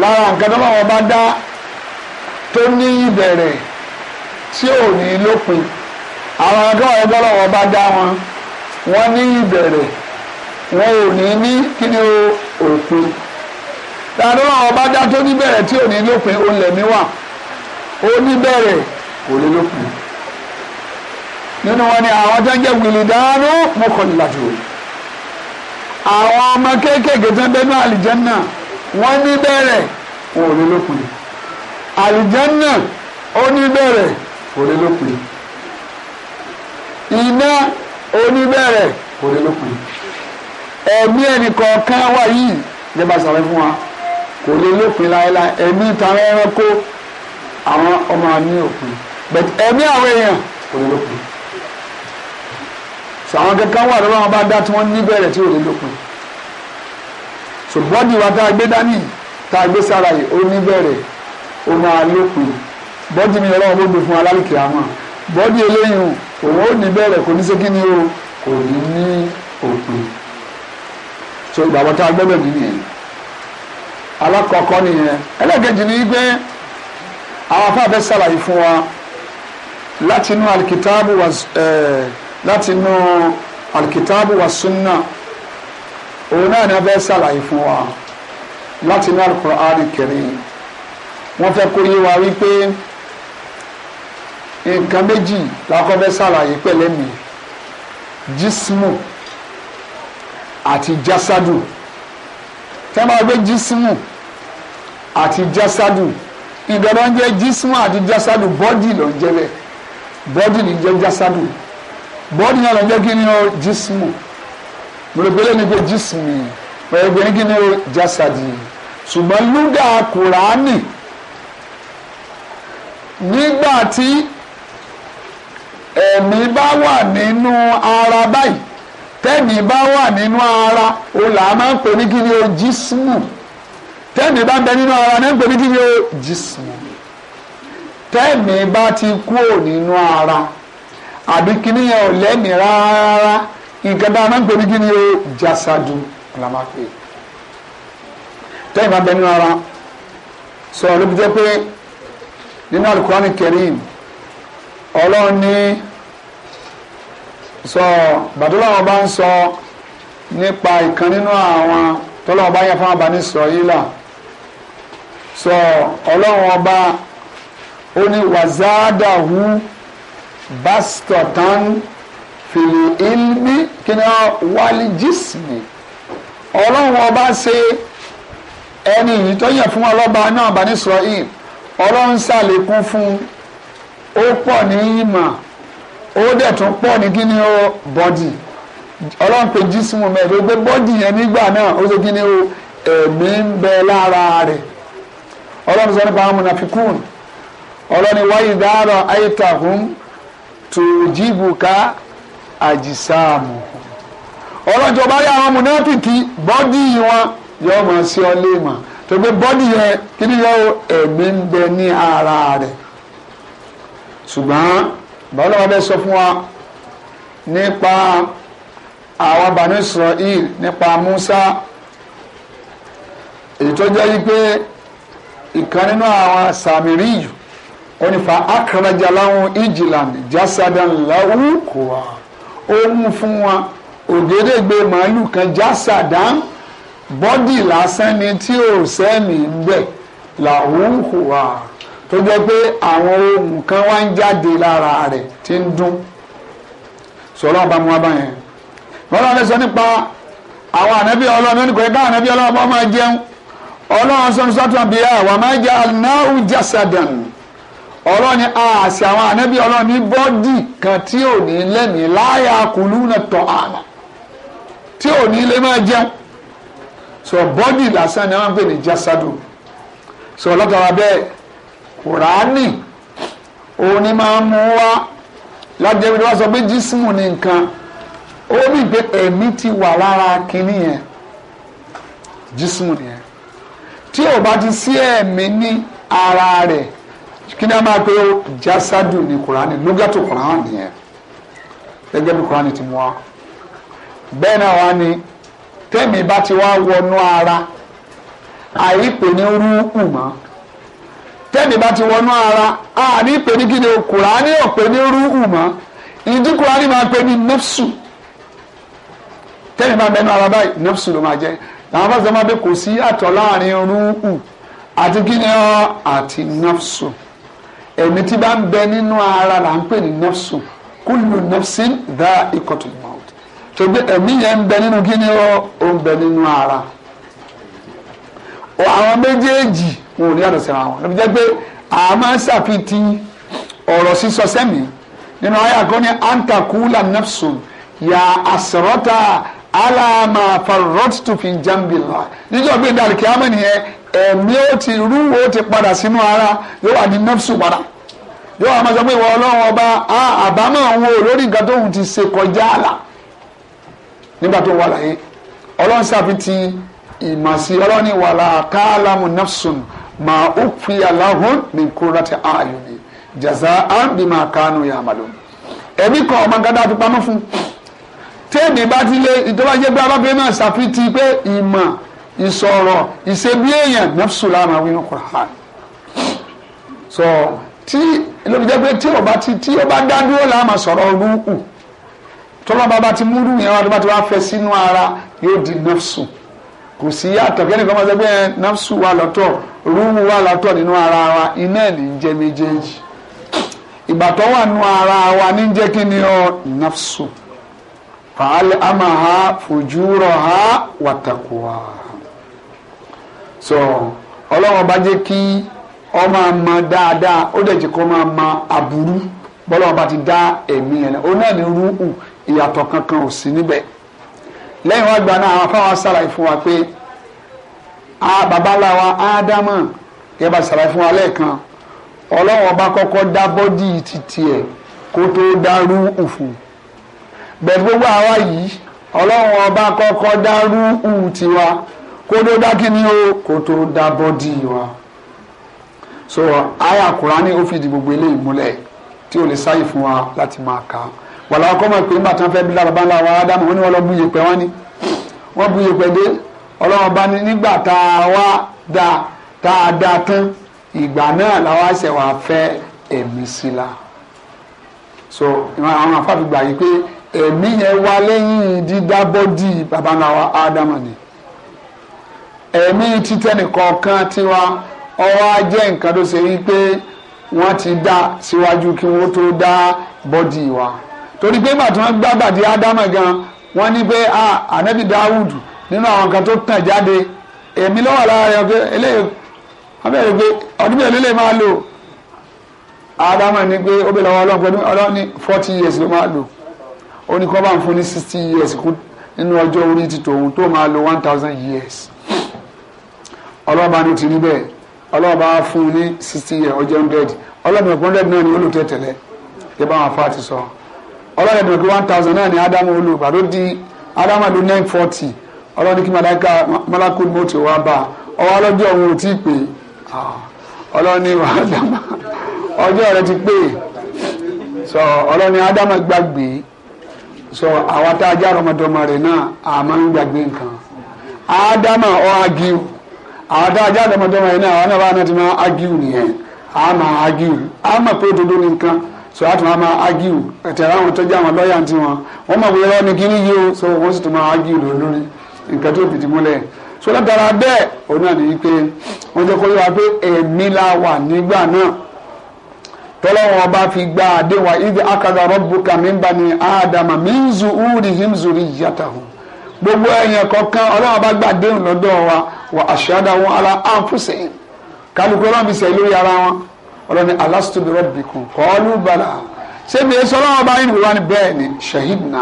Speaker 2: lára nǹkan tó lọ́run ọba dá tó ní ìbẹ̀rẹ̀ tí ò ní lópin àwọn ọdún ọgbọ́n lọ́wọ́ bá dá wọn wọ́n ní ìbẹ̀rẹ̀ wọn ò ní ní kí ni òpin tàbí ọlọ́wọ́ bá dá tó ní bẹ̀rẹ̀ tí ò ní lópin ó lẹ̀mí wà ó ní bẹ̀rẹ̀ kò lè lópin nínú wọn ni àwọn tó ń jẹ́ wìlì dáánú mọ́kànlélájú àwọn ọmọ kéékèèké tó ń bẹ́ẹ̀ náà àlìjẹ́nnà wọ́n ní bẹ̀rẹ̀ wọn ò lè lópin àlìjẹ́nnà ó ní bẹ̀rẹ̀ kò lè lópin iná oníbẹ̀rẹ̀ kò lè lópin ẹ̀mí ẹnìkọ̀ọ̀kan wà yìí ìjọba sàrẹ́ fún wa kò lè lópin láéláé ẹ̀mí ìtàn ẹranko àwọn ọmọ àmì òpin but ẹ̀mí àwọn èèyàn kò lè lópin so àwọn kankan wà lọ́wọ́ wọn bá dá tí wọ́n ní bẹ̀rẹ̀ tí ò lè lópin so bọ́dì wa tá a gbé dání tá a gbé sára yìí ó ó máa lópin bọ́dì mi ọlọ́run ló gbé fún alálìkè àmọ́ bọ́dì eléyìí òun ò ní bẹ̀rẹ̀ kò ní ṣe kí ni o kò ní ní òpin so ìgbàgbọ́ tá a gbọ́dọ̀ ní nìyẹn alákọ̀ọ́kọ́ nìyẹn ẹlẹ́ẹ̀kejì ni pé àwọn afá fẹ́ ṣàlàyé fún wa láti inú alikitaabu wa ẹ̀ẹ́ láti inú alikitaabu wa sunna òun náà ni wọ́n fẹ́ ṣàlàyé fún wa láti inú alukur'an kẹrin wọ́n fẹ́ kó yé wa wípé nǹkan méjì lákọ́fẹ́ ṣàlàyé pẹ̀lẹ́ mi jísímù àti jásádù tẹ́ máa gbé jísímù àti jásádù nǹkan tó ń jẹ́ jísímù àti jásádù bọ́dì ló ń jẹ́ bẹ́ẹ̀ bọ́dì ní jẹ́ jásádù bọ́dì náà ló jẹ́ kí ni ó jísímù gbèrègbèrè ni pé jísímù gbèrègbèrè kí ni ó jásádì ṣùgbọ́n lúdà kùránì nígbà tí ẹ̀mí bá wà nínú ara báyìí tẹ́mi bá wà nínú ara o là á máa ń pè ní kí ni o jísmù tẹ́mi bá ń bẹ nínú ara náà ń pè ní kí ni o jísmù tẹ́mi bá ti kúrò nínú ara àbí kíní yẹn ò lẹ́mìí rárá nǹkan dáa máa ń pè ní kí ni o jásádù la máa pè tẹ́mi bá ń bẹ nínú ara sọ̀rọ̀ ló fi jẹ́ pé nínú Al-Qur'an Karim ọlọ́run ní sọ bàtọ́lọ́wọ́n bá ń sọ nípa ìkan nínú àwọn tọ́lọ́wọ́n bá yẹn fún wọn bá ní sọ yìí là sọ ọlọ́run ọba ó ní wàzádàhù bastọ̀tàn fìlì ilmi kí ni wálé jísìmì ọlọ́run ọba ṣe ẹni ìyìn tó yẹ fún ọlọ́ba náà bá sọ yìí ọlọ́run ṣàlékún fún un ó pọ̀ ní ìmọ̀ ó dẹ̀ tún pọ̀ ní ni ó bọ́dì ọlọ́run pé jísùmù mẹ́rin ó gbé bọ́dì yẹn nígbà náà ó ṣe kí ó ẹ̀mí ń bẹ lára rẹ̀ ọlọ́run sọ nípa àwọn mùnàfikún ọlọ́ni wáyé dáárọ̀ àyètàkùn tòjìbùkà àjìsáàmù ọlọ́jọ́ bá rí àwọn bọ́dì wọn mọ̀ ọ tó gbé bọ́dì yẹn ẹ̀mí ń bẹ ní ara ṣùgbọ́n bàbá wa bẹ sọ fún wa nípa àwọn Banu Israel nípa Musa èyí tó jẹ́ wípé ìkan nínú àwọn sàmìrì yìí ó ní fa akarajà láwọn ijilan jasadan láwù kò wá ó mú fún wa ògédègbè màálù kan jasadan bọ́dì lásán ni tí ò sẹ́ni ń bẹ̀ làwù kò wá tó jẹ́ pé àwọn ohun kan wá ń jáde lára rẹ̀ tí ń dún sọ̀rọ̀ ọba mu abá yẹn ọlọ́run sọ nípa àwọn ànábì ọlọ́run oníkọ̀ ẹ̀ká ànábì ọlọ́run ọba máa jẹun ọlọ́run sọ sọ́tún àbí ẹ̀ wà máa jẹ anáwó jásàdàn ọlọ́run ni àṣẹ àwọn ànábì ọlọ́run ní bọ́dì kan tí ò ní lẹ́mìí láyà kùlú náà tọ́ àná tí ò ní lè máa jẹun sọ bọ́dì lásán ni wọ́n ń pè ní jásàdù sọ ọlọ́kàwá bẹ́ẹ̀ kùránì òun ni máa ń mú wá lájẹ́ bí wọ́n sọ pé jísímù ni nǹkan ó ní pé ẹ̀mí ti wà lára kínní yẹn jísímù nìyẹn tí ò bá ti sí ẹ̀mí ní ara rẹ̀ kí ni a máa pe ó jásádù ní kùránì lógàtò kùránì nìyẹn gẹ́gẹ́ bí kùránì ti mú wá bẹ́ẹ̀ náà wá ní tẹ́mi bá ti wá wọnú ara àyípo ní rúùkù mọ́ tẹ́ni bá ti wọnú ara a ní pè ní kí o kùránì ò pè ní rúhù mọ́ ìdí kùránì máa pè ní nọ́fṣù tẹ́ni bá mẹ́nu ara báyìí nọ́fṣù ló máa jẹ́ làwọn bá sọ ma pé kò sí àtọ̀ láàrin rúhù àti kí ni àti nọ́fṣù ẹ̀mí tí bá ń bẹ nínú ara là ń pè ní nọ́fṣù kúlù nọ́fṣìn dá ikọ̀tù mọ́ọ̀tù tó gbé ẹ̀mí yẹn ń bẹ nínú kí ni ó ń bẹ nínú ara àwọn méjèèjì wọn ò ní yàtọ̀ síra wọn lọ́bi jẹ́ pé a máa ń ṣàfitì ọ̀rọ̀ sísọ sẹ́mi nínú ayé àgọ́ni antakula nafsun ya asrata alama farrotu fi jambila níjọ́ gbé dàrúkì àmọ́ nìyẹn ẹ̀mí ó ti rúwo ti padà sínú ara yóò wà ní nafsu padà yóò wà máa sọ pé ìwọ ọlọ́run ọba àbámọ̀ òun ò lórí nǹkan tóun ti ṣe kọjá àlà nígbà tó wà láyé ọlọ́run ṣàfitì ìmọ̀ sí ọlọ́run ni wàlá kálámù ma ukfi alahun min kurati ayuni jazaan bima kanu yamalun ẹbí kan ọmọ gada fipamọ́ fún tẹ́ẹ̀mì bá ti lé ìjọba jẹ́ pé arábìnrin náà ṣàfihàn pé ìmọ̀ ìsọ̀rọ̀ ìṣebí èèyàn nafsu láàmà wínú Qur'an so tí lóbi jẹ́ pé tí ọba ti tí ọba dá dúró láàmà sọ̀rọ̀ rúkù tọ́lọ́ba bá ti mú rúkù yẹn wá tó bá ti wá fẹ́ sínú ara yóò di nafsu kò sí yàtọ̀ kí ẹnìkan máa sọ nafsu wà lọ́tọ̀ rúùmù wà lọ́tọ̀ nínú ara wa iná ẹ̀ ní jẹ́ méjèèjì ìgbà tó wà nínú ara wa ní jẹ́ kí ni ọ nafsu fàálẹ̀ àmà ha fojú rọ̀ ha wàtàkùwà. so ọlọ́run ọba jẹ́ kí ọ máa ma dáadáa ó dẹ̀ jẹ́ kó máa ma aburú bọ́lá ọba ti dá ẹ̀mí yẹn náà ó náà ní rúùmù ìyàtọ̀ kankan ò sí níbẹ̀ lẹ́yìn wá gba náà àwọn afáwọn sàlàyé fún wa pé a bàbá ńlá wa ádámà yẹ bá sàlàyé fún wa lẹ́ẹ̀kan ọlọ́run ọba kọ́kọ́ dá bọ́dì títí ẹ̀ kó tó dárú òfò bẹ́ẹ̀ gbogbo àwa yìí ọlọ́run ọba kọ́kọ́ dárú òwú tiwa kó tó dá kí ni kó tó dá bọ́dì wa so àyà kùránì ó fìdí gbogbo eléyìí múlẹ̀ tí ò lè sáyè fún wa láti máa kà á wàlá ọkọ mọ̀ pé nígbà tí wọ́n fẹ́ bí lára bá ń la wa ádámù wọ́n ní wọ́n lọ bú yèpẹ̀ wọ́n ní wọ́n bú yèpẹ̀ dé ọlọ́run bá ní nígbà tá a wá da tá a da tán ìgbà náà làwa ṣẹ̀ wá fẹ́ ẹ̀mí sí la so àwọn àfàbí gbà yìí pé ẹ̀mí yẹn wá lẹ́yìn dídábọ́dì bàbá ńlá wa ádámù ni ẹ̀mí títẹ́nì kọ̀ọ̀kan tiwa ọwọ́ á jẹ́ nǹkan tó ṣe wípé wọ́n ti dá síwájú kí wọ́n tó dá bọ́dì wa torí pé màtí wọ́n gbàgbàdì ádámà gan wọ́n ní pé ah, ànábì dáwùd nínú àwọn kan tó tàn jáde èmi lọ́wọ́ lára rẹ̀ pé eléyìí wọ́n bẹ̀rẹ̀ pé ọdún mẹ́rin lè máa lò ádámà ní pé ó bẹ̀ lọ́wọ́ ọlọ́run pẹ̀lú ọlọ́run ní forty years ló máa lò ó ní kó bá ń fún ní sixty years kú nínú ọjọ́ orí ti tòun tó máa lò one thousand years ọlọ́ba ní ti rí bẹ́ẹ̀ ọlọ́ba fún ní sixty years ọjọ́ hundred ọlọ́ba hundred náà ni ó lò tẹ̀tẹ̀lẹ̀ yẹ bá wọn afá ti sọ. So ọlọ́run ẹ̀dùn pé one thousand náà ni ádámù olú pàtó di ádámù àdó nine forty ọlọ́run kí màláìka mọ́lákù mọ́tò wá bá ọwọ́ ọlọ́jọ́ òun ò tí ì pè ọlọ́run ni wàá dàmà ọjọ́ rẹ ti pè sọ ọlọ́run ni ádámù gbàgbé sọ àwa tá a já ọmọdọmọ rẹ náà àmọ́ ń gbàgbé nǹkan ádámù ọ agiu àwọn tá a já ọmọdọmọ rẹ náà àwọn náà bá náà ti máa agiu nìyẹn àmọ́ agiu àmọ́ pé òdodo nìkan so a tún máa argue ẹ̀tẹ̀ àwọn tó jẹ́ àwọn lọ́ọ̀yà tí wọn wọ́n mọ̀ bóyá ní kíní yìí o so wọ́n sì tún máa argue lò lórí nǹkan tó fìdí múlẹ̀ so látara bẹ́ẹ̀ òun náà nìyí pé wọ́n jẹ́ kó yára pé ẹ̀mí la wà nígbà náà tọ́lọ́wọ́n ọba fi gba àdéhùn ibi akadà rabbuka min bani ádámà min zuhurihim zurriyatahum gbogbo ẹ̀yàn kọ̀ọ̀kan ọlọ́wọ́n bá gba àdéhùn lọ́dọ̀ wa wà ashhadahum ala anfusihim kálukú ọlọ́run fi sẹ́yìn lórí ara wọn ọlọ́ni alastu bi rabbikum qalu bala ṣé bí esu ọlọ́wọ́ bá yín wá ní bẹ́ẹ̀ ni shahidna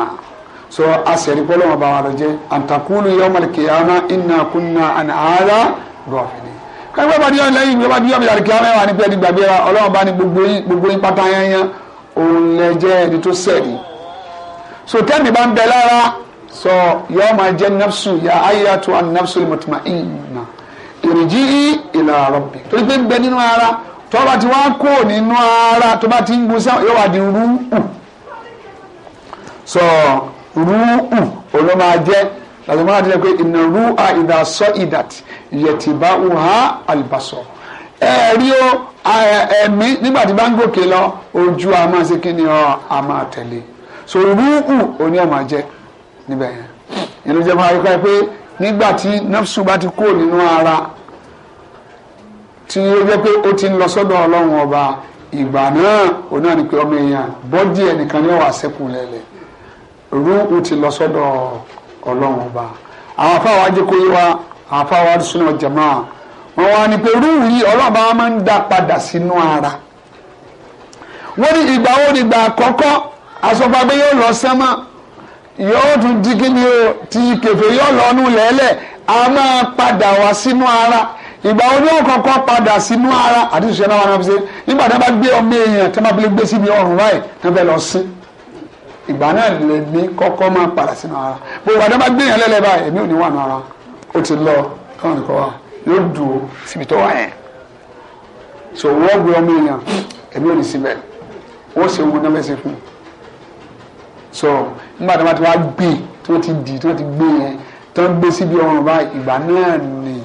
Speaker 2: so asẹ̀rí pọ́lọ́wọ́ bá wà lọ jẹ́ antakulu yawmal qiyama inna kunna an ala gọ̀ọ̀fìnì. káyọ̀ bá díọ̀ lẹ́yìn ìgbẹ́ bá díọ̀ bí àríkẹ́ ọmọ ẹ̀wà ní pẹ́ẹ́dì gbàgbé ra ọlọ́wọ́ bá ní gbogbo yín pátá yányá òun lẹ so tẹ́mi bá ń bẹ lára sọ yọ máa jẹ́ nafsu ya ayatu an nafsu tó bá ti wá kó nínú ara tó bá ti ń gun sáwọn yóò wá di rúùkù sọ rúùkù òun máa jẹ́ làwọn máa dìde pé ìnà rúà ìdá sọ ìdàtì yẹtìbá uha àlùbàṣọ ẹ rí o ẹ̀mí nígbà tí bá ń gòkè lọ ojú a máa ṣe kí ni ọ a máa tẹ̀lé so rúùkù òun ni ọ máa jẹ́ níbẹ̀ yẹn ìlú jẹ́ fún ayọ́kọ́ pé nígbà tí nafsu bá ti kó nínú ara tí ó jẹ́ pé ó ti ń lọ sọ́dọ̀ ọlọ́run ọba ìgbà náà òun náà ni pé ọmọ èèyàn bọ́dí ẹnìkan ní ọ̀wà sẹ́kù lẹ́lẹ̀ rúùn ti lọ sọ́dọ̀ ọlọ́run ọba àwọn afáwọn ajẹkọyé wa àwọn afáwọn adúsúná jẹmọ́ à wọn wá ní pé rúùn yìí ọlọ́run bá máa ń dá padà sínú ara wọ́n ní ìgbà wo ni ìgbà àkọ́kọ́ asọ́fagbé yóò lọ sẹ́mọ́ yóò tún di kí ni o ti kẹfẹ́ yóò lọ nù lẹ́lẹ̀ a máa padà wá sínú ara ìgbà wo ni ó kọ́kọ́ padà sínú ara àti ìṣẹ́ náà wà náà fi ṣe nígbà tí wọ́n bá gbé ọmọ èèyàn tí wọ́n bá fi lè gbé síbi ọrùn ráì tí wọ́n fẹ́ lọ sí ìgbà náà lè mí kọ́kọ́ máa padà sínú ara gbogbo àti bá gbé èèyàn lẹ́lẹ́ báyìí èmi ò ní wà nù ara ó ti lọ káwọn nìkan wà yóò dùn ó síbi tó wà yẹn so wọ́n gbé ọmọ èèyàn èmi ò ní síbẹ̀ wọ́n ṣe wọn náà fẹ́ fún so nígbà tí wọ́n ti wá gbé tí wọ́n ti dì tí wọ́n ti gbé yẹn tí wọ́n gbé síbi ọrùn báyìí ìgbà náà nìyí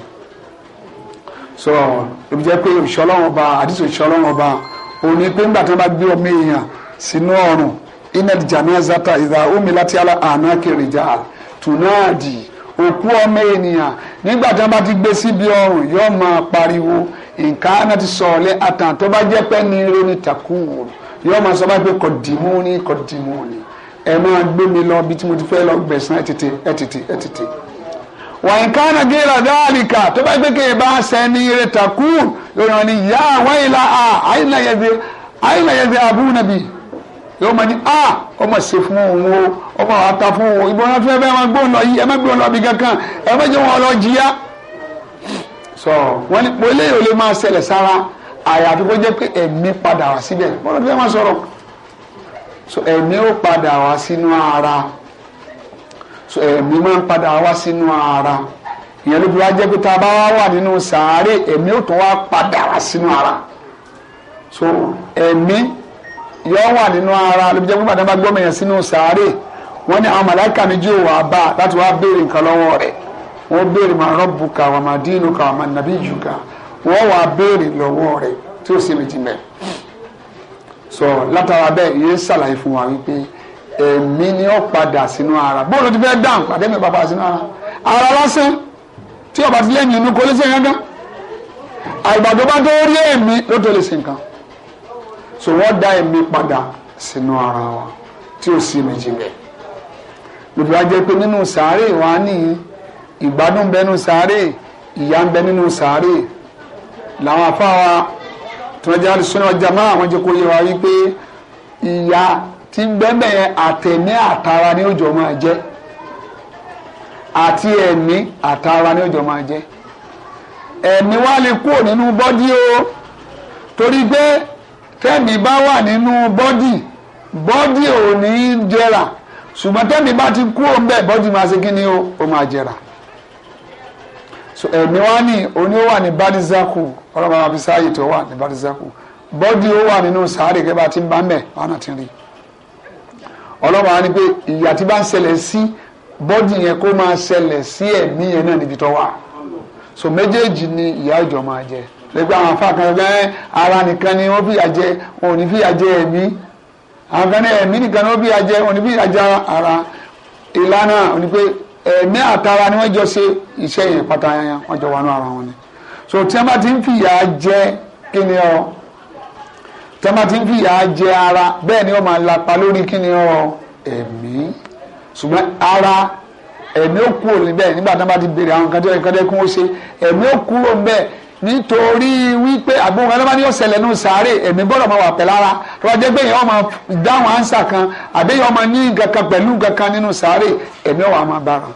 Speaker 2: so ebi jẹ́ pé òṣìṣẹ́ ọlọ́run ọba àdìsí òṣìṣẹ́ ọlọ́run ọba òun ni pé nígbà tí wọ́n bá gbé ọmọ èèyàn sínú ọ̀run inel janazata ìdá omi láti ala àná kẹrìjà tùnáàdì òkú ọmọ ènìyàn nígbà tí wọ́n bá ti gbé síbi ọ̀run yóò máa pariwo nǹkan ti sọ̀ọ́lẹ̀ àtàn tó bá jẹ́ pẹ́ ní eré ní takùn yóò máa sọ báyìí pé kọ̀dìmú ni kọ̀dìmú ni ẹ máa gbé mi lọ bí tí mo ti fẹ́ lọ gbẹ̀sán ẹ̀ tètè ẹ̀ tètè ẹ̀ tètè wàyínkánà gíra dáàlìkà tó bá gbé kéèyàn bá sẹni rẹ takú lórí wọn ni yá wáyìlá a àyìnlá yẹn ti abúnabi yóò máa ní a ọmọ ṣe fún òun o ọmọ àta fún òun ìbọn wọn fẹẹ bẹẹ máa gbóhùn lọ yìí ẹ má gbóhùn lọ bí kankan ẹ má jẹ wọn lọ jìyà sọ wọn ni pọlẹ yìí ò lè máa ṣẹlẹ̀ sára àyàfi kó jẹ pé ẹ̀mí padà wá síbẹ̀ bọlọ fẹẹ máa sọ̀rọ̀ ẹ̀mí ó padà wá sínú ara. So, ẹ̀mí eh, máa ń padà wá sínú ara ìyẹn ló fi wá jẹ́ pé tá a bá wá wà nínú sàárè ẹ̀mí ò tún wá padà wá sínú ara so ẹ̀mí yọ wà nínú ara ló fi jẹ́ pé bàtà bá gbọ́mọ̀ yẹn sínú sàárè wọ́n ní àwọn màláìka méjì ò wá bá láti wá béèrè nǹkan lọ́wọ́ rẹ̀ wọ́n béèrè màá rọ́bù kà wà màá dínú kà wà màá nàbí jù kà wọ́n wà béèrè lọ́wọ́ rẹ̀ tí ó sì méjì mẹ́ so látara bẹ́ẹ̀ ìyẹn ṣàlàyé ẹ̀mí ni ó padà sínú ara bóòlù ti fẹ́ dáhùn pàdé mi padà sínú ara ara lásán tí ọba ti lẹ́yìn inú kò lè ṣe gángan àgbàdo bá tó rí ẹ̀mí ló tó lè ṣe nǹkan so wọ́n dá ẹ̀mí padà sínú ara wa tí ó sì méjì bẹ́ẹ̀ lòdì wá jẹ́ pé nínú sàárè wa ní ìgbádùn bẹ nínú sàárè ìyà ń bẹ nínú sàárè làwọn afáwa tí wọ́n jẹ́ àdìsúná ọjà máa jẹ́ kó yẹ wa wípé ìyà tí ń bẹ́ẹ̀ yẹn àtẹ̀mí àtara ní òjò máa jẹ́ àti ẹ̀mí àtara ní òjò máa jẹ́ ẹ̀mí wá lè kúrò nínú bọ́dí o torí pé tẹ́mi bá wà nínú bọ́dí bọ́dí ò ní jẹrà ṣùgbọ́n tẹ́mi bá ti kúrò ń bẹ̀ bọ́dí máa ṣe kí ni o ó máa jẹrà ẹ̀mí wá ní oní ó wà ní badizaku ọlọ́mọ àwọn abisáyè tó wà ní badizaku bọ́dí ó wà nínú sàárè kẹ́bà tí ń bá mẹ́ wà náà ti rí i ọlọ́run á ní pé ìyà tí bá ń ṣẹlẹ̀ sí bọ́dì yẹn kó máa ṣẹlẹ̀ sí ẹ̀mí yẹn náà níbi tó wà so méjèèjì ni ìyà ìjọ máa jẹ lẹ́gbẹ́ àwọn afá kan gbẹ́ eh, ara nìkan ni wọ́n fìyà jẹ wọn ò ní fìyà jẹ ẹ̀mí àwọn kan ní eh, ẹ̀mí nìkan ni wọ́n fìyà jẹ wọn ò ní fìyà jẹ ara ìlànà ni pé ẹ̀mí àtara ni wọ́n jọ ṣe iṣẹ́ yẹn pátá yẹn wọ́n jọ wà ní ara wọn ni so tí wọ́n bá ti ń fìyà jẹ kí ni ọ tọ́mọ tí ń fìyà jẹ ara bẹ́ẹ̀ ni ó máa lapa lórí kí ọ ẹ̀mí ṣùgbọ́n ara ẹ̀mí ó kúrò níbẹ̀ nígbà tí wọ́n bá ti béèrè àwọn kan tó yẹ kí wọ́n ṣe ẹ̀mí ó kúrò níbẹ̀ nítorí wípé àbúrò ẹlẹ́wọ̀n ni ó ṣẹlẹ̀ ní sàárè ẹ̀mí gbọ́dọ̀ máa wà pẹ̀ lára tó bá jẹ́ pé èèyàn máa dáhùn ánsà kan àbí èèyàn máa ní nǹkan pẹ̀lú nǹkan nínú sàárè ẹ̀mí ọ̀wà máa bára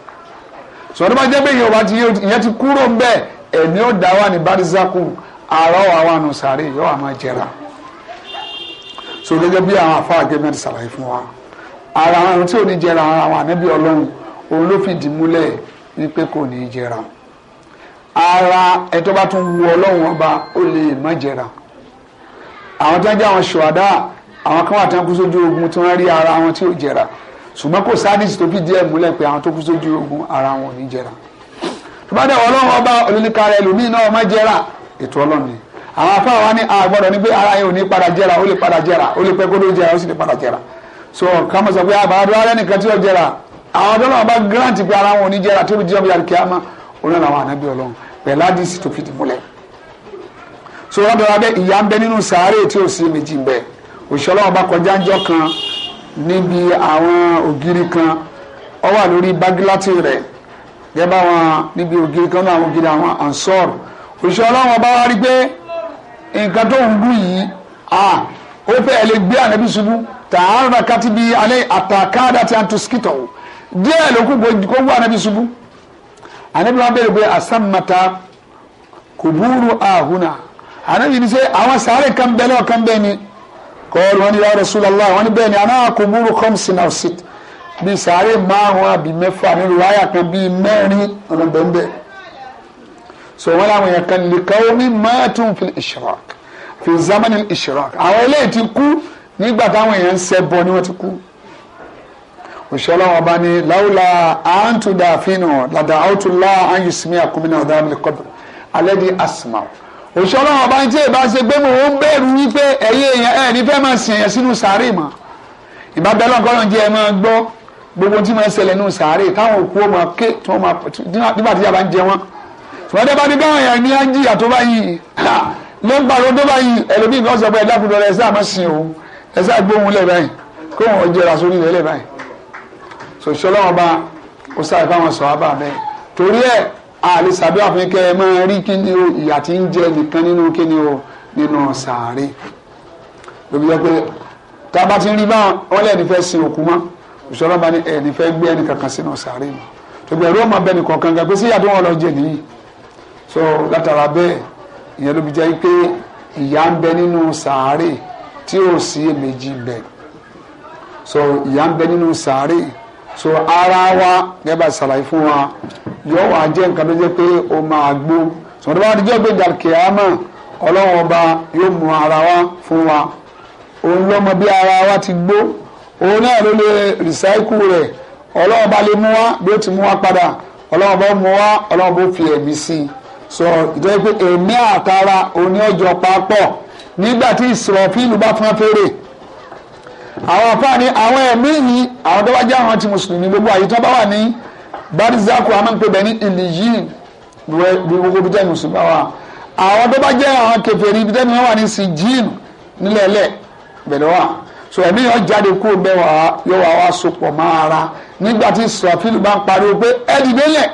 Speaker 2: sọ̀rọ̀ tó bá jẹ́ pé èèyàn bá ti yẹn ti kúrò ń bẹ̀ ó dá ní barisaku àárọ̀ wà wà sàárè yóò wà máa jẹra so gẹ́gẹ́ bí àwọn àfa àgẹ́mẹ́ ti fún wa ara àwọn tí ò ní jẹra ara wọn ànábì ọlọ́run òun ló fìdí múlẹ̀ wípé kò ní jẹra ara ẹ̀tọ́ bá tún wu ọlọ́run ọba ó lè má jẹra àwọn tí wọ́n jẹ́ àwọn ṣùwádà àwọn kan wà tí wọ́n kú sójú ogun tí wọ́n rí ara wọn tí ò jẹra ṣùgbọ́n kò sádìsì tó fìdí ẹ̀ múlẹ̀ pé àwọn tó kú sójú ogun ara wọn ò ní jẹra tó bá dẹ̀ ọlọ́run ọba olóníkàrà ẹlòmíì náà jẹra ètò ọlọ́run ni àwọn afáà wa ni àgbọ̀dọ̀ ní pé ara yẹn ò ní padà jẹrà ó lè padà jẹrà ó lè pẹ́ kó ló jẹrà ó sì lè padà jẹrà so ká mọ̀ sọ pé àbáradọ́ alẹ́ nìkan tí ó jẹrà àwọn ọ̀dọ́ bá grant pé ara wọn ò ní jẹrà tó lè jẹ́ ọ̀bí àríkíámá olóòn àwọn ànábì ọlọ́run pẹ̀lú àdìsí tó fìdí múlẹ̀ so lọ́dọ̀ abẹ́ ìyá ń bẹ nínú sàárè tí ò sí méjì bẹ́ẹ̀ òṣìṣẹ́ ọlọ́run bá kọjá ńjọ́ kan níbi àwọn ògiri kan ó wà lórí bagilati rẹ̀ gẹ́gẹ́ bá wọn níbi ògiri kan náà ògiri àwọn ansọ́ọ̀rù
Speaker 1: òṣìṣẹ́ ọlọ́run bá wá rí
Speaker 2: pé nǹkan tó ń bú yìí ó fẹ́ lè gbé ànábì ṣubú tààrà kàti bíi alẹ́ àtàkàdà tí a ń tu skítọ̀ díẹ̀ ló kú kó wú ànábì ṣubú ànábì wọn bẹ̀rẹ̀ pé àsàmàtà kò búrú àhùnà ànábì ní sẹ́ àwọn sàárè kan bẹ́ẹ̀ lọ́wọ́ kan bẹ́ẹ̀ ni kọ́ọ̀lù wọn ni ya Rasulullah wọn ni bẹ́ẹ̀ ni àná kò búrú khamsin aw sit bíi sàárè márùn-ún àbí mẹ́fà nínú wáyà bíi mẹ́rin ọ̀nà bẹ́ẹ̀ bẹ́ẹ̀ so wọn làwọn yẹn kan lè kàwé mi máa tún fi ìṣirak fi zamani ìṣirak àwọn eléyìí ti kú nígbà táwọn yẹn ń ṣẹbọ ni wọ́n ti kú òṣèlọ́wọ́n bá ní láwùlà àǹtúndà àfihàn làdà àwùtúlá àyùsùnmí àkúmínà ọ̀dà àmì kọ́bìrì alẹ́ di asma òṣèlọ́wọ́n bá ń tẹ́ ìbá ṣe gbé mu òun bẹ̀rù wípé ẹ̀yẹ èèyàn ẹ̀ ní fẹ́ máa sìn yẹn sínú sàárè mọ́ ìbá bẹ́ẹ̀ lọ́kọ́rọ́ jẹ́ ẹ máa gbọ́ gbogbo tí máa ṣẹlẹ̀ nínú sàárè táwọn òkú ó máa ké tí wọ́n máa nígbà tí yàrá ń jẹ wọ́n fúnadé bá ní káwọn èèyàn ní ájíyà tó báyìí ló ń pariwo tó báyìí ẹlòmíì náà sọ pé ẹ dákun lọrẹ ẹ sáà má sin o ẹ sáà gbóhùn lẹ báyìí kó wọn jẹra sórí ilẹ̀ lẹ báyìí sòṣìṣẹ́ ọlọ́wọ́n bá ó sáré fáwọn sọ wá bá torí ẹ̀ àlè sàdúrà ẹ máa rí kíni o ìyà tí ń jẹ nìkan nínú ni o nínú sàárè lóbi yẹ pé tá a bá ti rí báwọn ọlẹ́ni fẹ́ sin òkú mọ́ òṣìṣẹ́ ọlọ́wọ́n bá ní ẹni fẹ́ gbé ẹnì kankan sínú sàárè mọ́ tòbí so látara bẹ́ẹ̀ ìyẹn ló fi jẹ́ pé ìyá ń bẹ nínú sàárè tí ò sí èméjì bẹ̀ so ìyá ń bẹ nínú sàárè so ara wa gẹ́gẹ́ bá ṣàlàyé fún wa yóò wá jẹ́ nǹkan tó jẹ́ pé ó máa gbó sọ̀rọ̀ bá dijọ́ pé jàkìámà ọlọ́run ọba yóò mú ara wa fún wa òun lọ́mọ bí ara wa ti gbó òun náà ló lè rìsáíkù rẹ̀ ọlọ́run ọba lè mú wa bí ó ti mú wa padà ọlọ́run ọba mú wa ọlọ́run ọba ó fi ẹ̀mí sí i sọ ìjọba pé èmi àtara òní ọjọ́ papọ̀ nígbà tí ìsọ̀rọ̀fíìlù bá fọ́n fèrè àwọn afáàní àwọn ẹ̀mí yìí àwọn tó bá jẹ́ àwọn ti mùsùlùmí gbogbo àyè tó bá wà ní barizaku amáǹpẹ̀bẹ̀ ní ìlìyìn bí gbogbo bí jẹ́ mùsùlùmí wa àwọn tó bá jẹ́ àwọn kèfèrí bí tẹ́ni wọ́n wà ní sijin nílẹ̀ẹ́lẹ̀ bẹ̀rẹ̀ wà so ẹ̀mí yọ jáde kú mẹ́wàá yóò wá wá sopọ̀ máa ra nígbà tí ìsọ̀rọ̀fíìlù bá ń pariwo pé ẹ dìde lẹ̀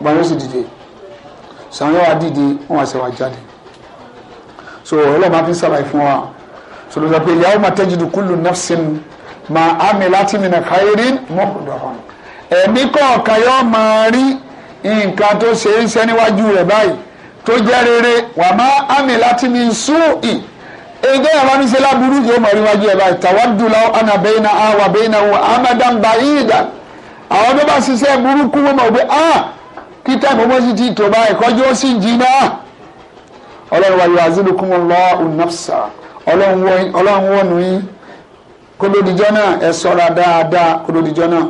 Speaker 2: gbọ́n yóò sì dìde sàwọn adidi wá dìde wọn wá ṣe wá jáde so ọlọ́mọ afi sàlàyé fún wa so lọ́sọ̀ pé ìyàwó máa tajidu kullu nafsin ma amilat min khairin muhdaran ẹ̀mí kọ̀ọ̀kan yóò máa rí nǹkan tó ṣe é ṣe níwájú rẹ̀ báyìí tó jẹ́ rere wà má amilat min su'i èdè àwọn ní sẹ́lá burú yóò mọ̀ níwájú ẹ̀ báyìí tawaddu law anna bayna àwà baynahu amadan ba'idan àwọn tó bá ṣiṣẹ́ burúkú wọn mọ̀ pé ah kí táìmù ọmọ sì ti tó báyìí kọjú ó sì jìnnà ọlọ́run wa yu'azzilukum Allahu nafsa ọlọ́run wọnú yín kólódìjọ́ náà ẹ sọ́ra dáadáa kólódìjọ́ náà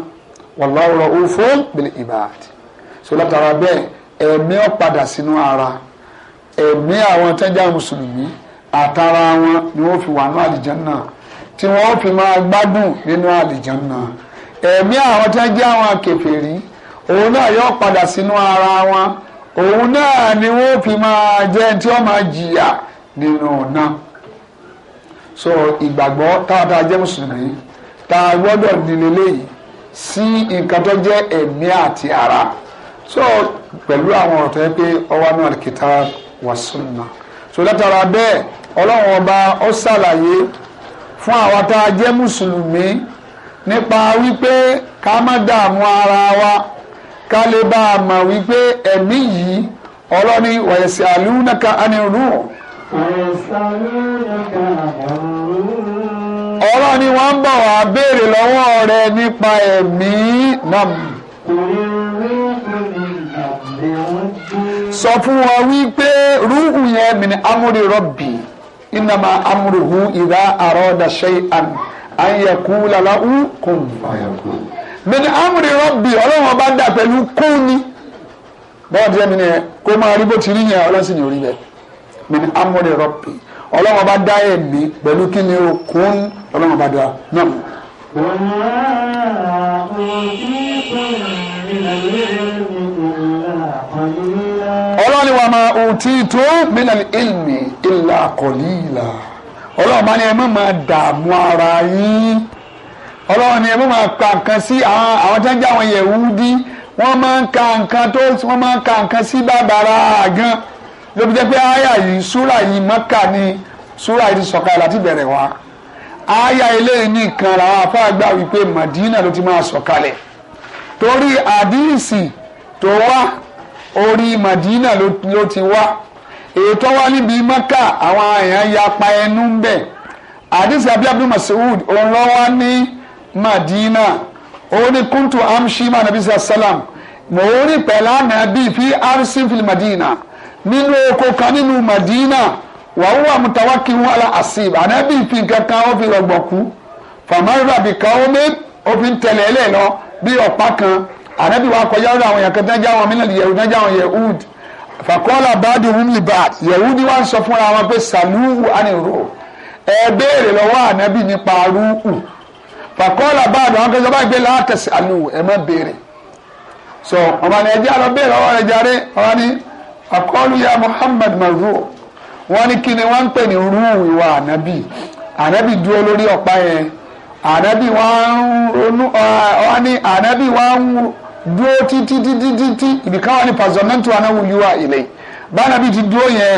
Speaker 2: wallahu raufun bil ibad so látara bẹ́ẹ̀ ẹ̀mí ó sínú ara ẹ̀mí àwọn tẹ́jà mùsùlùmí àtara wọn ni wọ́n fi wà ní àlìjánná tí wọ́n fi máa gbádùn nínú àlìjánná ẹ̀mí àwọn tẹ́jà wọn kèfèrí òun náà yóò padà sínú ara wọn òun náà ni wọ́n fi máa jẹ́ tí wọ́n máa jìyà nínú náà so ìgbàgbọ́ táwọn jẹ́ mùsùlùmí tá a gbọ́dọ̀ nílé léyìí sí nǹkan tó jẹ́ ẹ̀mí àti ara so pẹ̀lú àwọn ọ̀rọ̀ tó yẹ pé ọwọ́ náà kìtà wà sunna so látara bẹ́ẹ̀ ọlọ́run ọba ó ṣàlàyé fún àwa tá a mùsùlùmí nípa wípé ká má dààmú ara wa ká lè bá a mọ̀ wípé ẹ̀mí yìí ọlọ́ni wàyẹ̀sì àlùnàkà ànírú. ọlọ́ni wọ́n ń bọ̀ wá béèrè lọ́wọ́ rẹ nípa ẹ̀mí náà. sọ fún wọn wípé rúhù yẹn mi ni rọ́bì ìnàmà amúrùhù ìdá àrọ́dà ṣe àyẹ̀kú làlá ń kùn bẹ́ẹ̀ni amúri rọ́bì ọlọ́run ọba dà pẹ̀lú kún ni bọ́ọ̀ díẹ̀ mi nìyẹn kó máa rí bó ti rí yẹn ọlọ́sìn yóò rí bẹ́ẹ̀ bẹ́ẹ̀ni amúri rọ́bì ọlọ́run ọba dá ẹ̀mí pẹ̀lú kí ni o kún ọlọ́run ọba dá náà. wọ́n
Speaker 1: máa ń bí
Speaker 2: ọlọ́ni wa máa òtí tó minal ilmi illa qalila ọlọ́ọ̀bá ni ẹ má máa dààmú ara yín ọlọ́run ni ẹ mọ̀ máa ka nǹkan sí àwọn àwọn tó ń jẹ́ àwọn Yẹhudi wọ́n máa ń ka nǹkan tó wọ́n máa ń ka nǹkan sí bàbàrà gan ló fi jẹ́ pé àyà yìí súrà yìí Mẹ́kà ni súrà yìí ti sọ̀kalẹ̀ láti bẹ̀rẹ̀ wá àyà eléyìí nìkan làwọn afáà gbà wípé Màdínà ló ti máa sọ̀kalẹ̀ torí àdíìsì tó wá orí Màdínà ló ti wá èyí wá níbi Mẹ́kà àwọn èèyàn yapa ẹnu ń bẹ̀ àdíìsì abiyabdu Mas'ud òun lọ́wọ́ ní. Madina òun kuntu amshima nabi sallam mò ń rìn pẹ̀lú ànábì fi arsin fil Madina nínú oko kan nínú Madina wàá wà mutawaki wọn ala asib anabi fi nǹkan kan ó fi rọgbọ̀ kú fàmárà bì kan ó ní òfin tẹ̀lé ẹlẹ́ lọ bí ọ̀pá kan ànábì wa kọjá lọ àwọn èèyàn kan dájá wọn mílíọ̀nù yẹ̀wù dájá wọn yẹ̀wùd fàkọ́lá báàdì wúmi báàd yẹ̀wùd wa ń sọ fúnra wọn pé sàlúù àníró ẹ béèrè lọ́wọ́ ànábì nípa rúù fàkọ́là báàdùn àwọn kẹsàn-án báyìí pé látẹ̀sí àlù ẹ̀ béèrè so ọmọ ní ẹjẹ́ àlọ́ béèrè ọwọ́ rẹ̀ jáde ọwọ́ ní àkọ́lù ya Muhammad maru wọ́n ní kí ni wọ́n ń pè ní rúù ìwà ànábì ànábì dúró lórí ọ̀pá yẹn ànábì wọ́n ní ànábì wọ́n ń dúró títí títí títí ìdíkà wọn ní pàṣẹmẹ́ntì wọn náà wúlíwà ilé bánabi ti dúró yẹn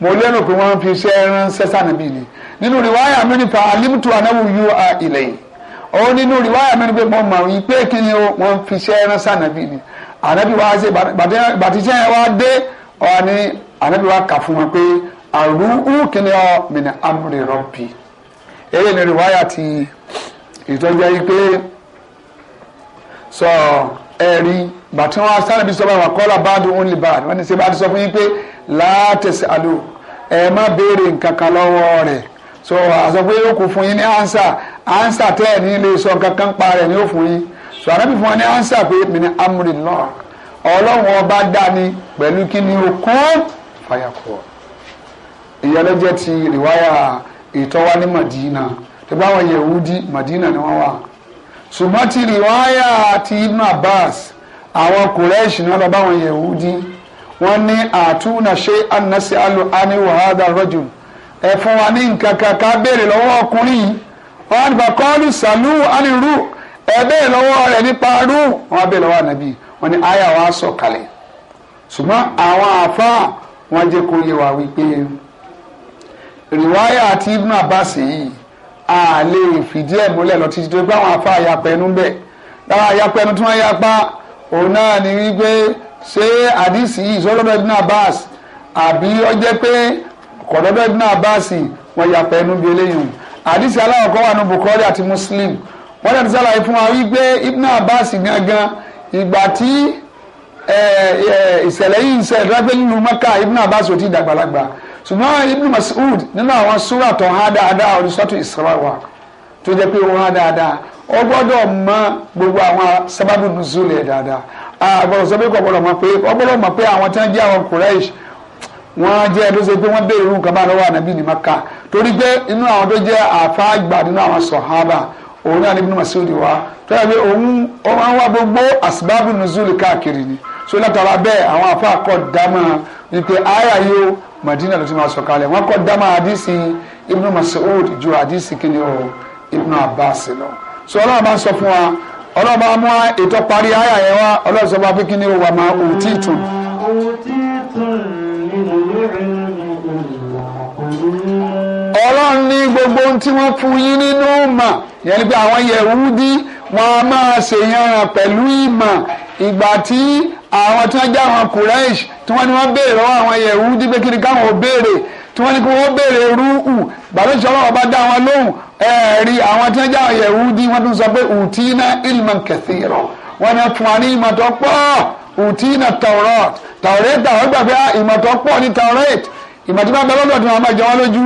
Speaker 2: mo lérò pé wọ́n fi iṣẹ́ ránṣẹ́ sànàbì ni nínú rìwáyà mi nípa alimutu anáwó yúwa ilé yìí òun nínú rìwáyà mi ni pé mo mọ̀ wí pé kí ni o wọ́n fi iṣẹ́ ránṣẹ́ ànábì ni ànábì wa ṣe bàtíṣẹ́ yẹn wá dé ọ̀hún ni ànábì wa kà fún wọn pé àrùú kí ni ọ mìíràn amúre rọ́bì eré ni rìwáyà ti ìtọ́jú yìí pé sọ ẹ̀rí bàtí wọn sáré bí sọ́ba wà kọ́lá báàdù only bad wọ́n ní ṣe báàdù sọ fún yín pé látẹ̀sí àlò ẹ̀ má béèrè nǹkan kan lọ́wọ́ rẹ̀ so àsọ pé yóò kú fún yín ní ansa ansa tẹ́ ẹ̀ ní ilé sọ kankan pa ní yóò yín so ànábì fún wa ní ansa pé mi ní amúlì náà ọlọ́run ọba dání pẹ̀lú kí ni o kún fàyàkọ́ ìyẹn ló jẹ́ ti rìwáyà ìtọ́wá ní Madina tó bá wọn Yẹhudi Madina ni wọ́n wà ṣùgbọ́n ti rìwáyà ti Ibn Abbas àwọn Kùrẹ́ṣì náà lọ bá wọn Yẹhudi wọ́n ní àtúnà ṣe ànásí àlò àníwò hádà ẹ fún wa ní nǹkan kan ká béèrè lọ́wọ́ ọkùnrin yìí wọn á nípa kọ́ọ̀lù sàlù ánìrú ẹ lọ́wọ́ rẹ̀ nípa rú wọn á béèrè lọ́wọ́ ànábì wọn ni àyà wa sọ̀ kalẹ̀ ṣùgbọ́n àwọn àáfàá wọn jẹ́ kó yé wa wípé rìwáyà àti ibùn àbáṣe yìí a lè fìdí ẹ̀ múlẹ̀ lọ títí tó gbá àwọn àáfàá yapẹnu bẹ́ẹ̀ lára yapẹnu tí wọ́n yapa òun náà ni wípé ṣé àdìsí yìí sọ́dọ̀ ibùn àbáṣe àbí ó jẹ́ pé kọ̀dọ́dọ́ Abasi Abbas wọ́n yà pẹ́ níbi eléyìí àdìsí aláwọ̀ kan wà ní Bukhari àti Muslim wọ́n dẹ̀ ti sàlàyé fún wa wípé ibn Abbas gangan ìgbà tí ìṣẹ̀lẹ̀ yìí ń ṣẹlẹ̀ dápẹ́ nínú Mẹ́kà ibn Abbas ò tí ì dàgbàlagbà ṣùgbọ́n ibn Mas'ud nínú àwọn súrà tó há dáadáa olùsọ́tò Isra wa tó jẹ́ pé wọ́n há dáadáa ó gbọ́dọ̀ mọ gbogbo àwọn sábàbù nùzúlẹ̀ dáadáa àgbọ̀dọ̀ sọ pé kò gbọ́dọ̀ mọ̀ pé ó gbọ́dọ̀ pé àwọn tí wọ́n jẹ́ àwọn Quraysh wọ́n jẹ́ ẹbí sọ pé wọ́n béèrè irun kan bá lọ́wọ́ ànábì ní maka torí pé inú àwọn tó jẹ́ àfáàgbà nínú àwọn sọ̀hábà òun náà níbi Masudi wa tó yẹ pé òun wọ́n wá gbogbo àsìbábù nùzúlì káàkiri ni so látara bẹ́ẹ̀ àwọn àfáà kọ́ dámà wípé àyà yóò Madina ló ti máa sọ kalẹ̀ wọ́n kọ́ àdìsí Ibnu Mas'ud ju àdìsí kìíní o Ibnu Abbas lọ so ọlọ́run bá ń sọ fún wa ọlọ́run bá mú ètò parí àyà yẹn wá ọlọ́run sọ fún wa pé kìíní o wà máa òtítù ọlọ́run ní gbogbo ohun tí wọ́n fún yín nínú ìmọ̀ yẹn ni pé àwọn Yẹhudi wọn a máa ṣèyànràn pẹ̀lú ìmọ̀ ìgbà tí àwọn tí wọ́n jẹ́ àwọn Quraysh tí wọ́n ní wọ́n béèrè lọ́wọ́ àwọn Yẹhudi pé kí ni káwọn ò béèrè tí wọ́n ní kí wọ́n béèrè rúù gbàdúrà ọlọ́run bá dá wọn lóhùn ẹ̀ẹ́rì àwọn tí wọ́n jẹ́ àwọn Yẹhudi wọ́n tún sọ pé ùtínà ilman kathira wọ́n ní fún wa ní ìmọ̀ tó pọ̀ ùtínà Tawrat tàwọ̀rẹ́tà wọ́n gbà pé ah, ìmọ̀ tó pọ̀ ní tàwọ̀rẹ́t ìmọ̀ tí wọ́n bẹ lọ́dọ̀ tí wọ́n máa jẹ wọ́n lójú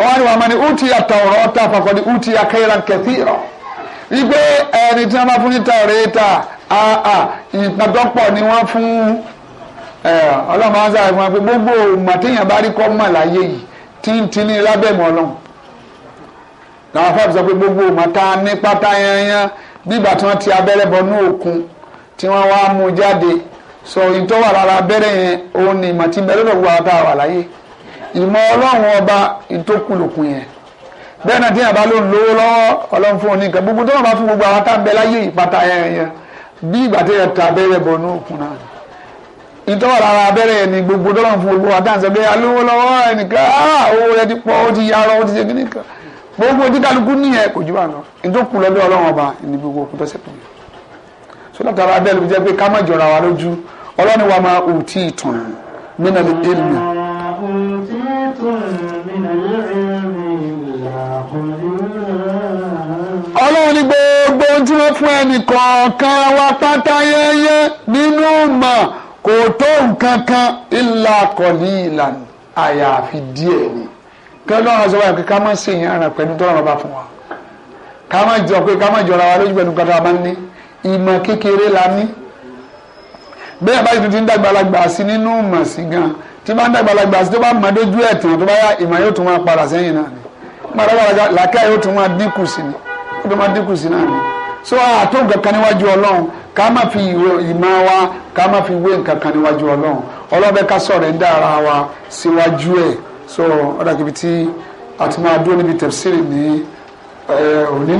Speaker 2: wọ́n wá ní wọ́n máa ní uti àtàwọ̀rọ̀ta fàkọ́ni uti akẹ́yẹ̀rà kẹfìrọ̀ wípé ẹni tí wọ́n máa fún ní tàwọ̀rẹ́tà àà ah, ah, ìmọ̀ pọ̀ ni wọ́n fún ọlọ́run máa ń sáré fún wọn pé gbogbo ìmọ̀ téèyàn bá rí kọ́ mọ̀ láyé yìí tíntín ní lábẹ́mọ̀ ọlọ́run làwọn afáàbí sọ pé gbogbo ìmọ̀ tá a nígbà tí wọ́n ti abẹ́rẹ́ bọnú òkun tí wọ́n wá mú jáde so ìtọ́wà lára abẹ́rẹ́ yẹn òun ni ìmọ̀ tí ń bẹ lọ́dọ̀ gbogbo àwọn tá a wà láyé ìmọ̀ ọlọ́run ọba ìtókùlùkùn yẹn bẹ́ẹ̀ náà tí yàrá bá lóun lówó lọ́wọ́ ọlọ́run fún òní nǹkan gbogbo tó wà bá fún gbogbo àwọn tá a bẹ láyé ìpàtà yẹn yẹn bí ìgbà tó yẹ ta abẹ́rẹ́ bọ̀ ní òkun náà ìtọ́wà lára abẹ́rẹ́ yẹn ni gbogbo tó wà fún gbogbo àwọn tá a sọ pé lọ́wọ́ ẹnìkan ah, owó rẹ sọlọ́tara abẹ́lẹ̀ mi jẹ́ pé ká má jọra wa lójú ọlọ́ni wa máa hù tí ìtàn nínú ilé èlùmí. ọlọ́run ní gbogbo tí fún ẹnì kọ̀ọ̀kan wa pátá yẹ́yẹ́ nínú mọ̀ kò tó nǹkan kan ìlà kọ̀ọ̀lì ìlànà àyàfi díẹ̀ ni kí ọlọ́run sọ wáyà pé ká má ṣèyàn ara pẹ̀lú tọ́lọ́run bá fún wa ká má jọ pé ká má jọra wa lójú pẹ̀lú kọ́tà bá ń ní ìmọ̀ kékeré la ní bẹ́ẹ̀ báyìí tuntun dàgbàlagbà sí nínú mọ̀ sí gan tí bá ń dàgbàlagbà sí tó bá mọ̀ dójú ẹ̀ tàn tó bá yá ìmọ̀ yóò tún máa padà sẹ́yìn náà ni ìmọ̀ dàgbàlagbà làákà yóò tún máa dínkù sí ni ó tún máa dínkù sí náà ni so àtó nǹkan kan níwájú ọlọ́run ká má fi ìmọ̀ wa ká má fi wé nǹkan kan níwájú ọlọ́run ọlọ́run bẹ́ẹ̀ ká sọ̀rọ̀ ẹ̀ ń dára wa síwájú ẹ̀ so ọ̀dà kìbi tí àti máa dúró níbi tẹ̀síìrì ní òní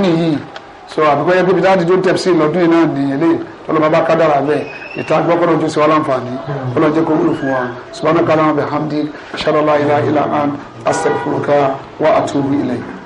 Speaker 2: so àbíkọ́ yẹ pé bíi dáàdì tó tẹ̀ sí lọ́dún yìí náà nìyẹn lé tọ́lọ́mọ bá kádàrà bẹ́ẹ̀ ìta gbọ́ kọ́nà tó ṣe wá láǹfààní kọ́nà jẹ́ kó wúlò fún wa subhanaka allahumma bihamdik ashhadu an la ilaha illa ant astaghfiruka
Speaker 1: wa atubu ilayk.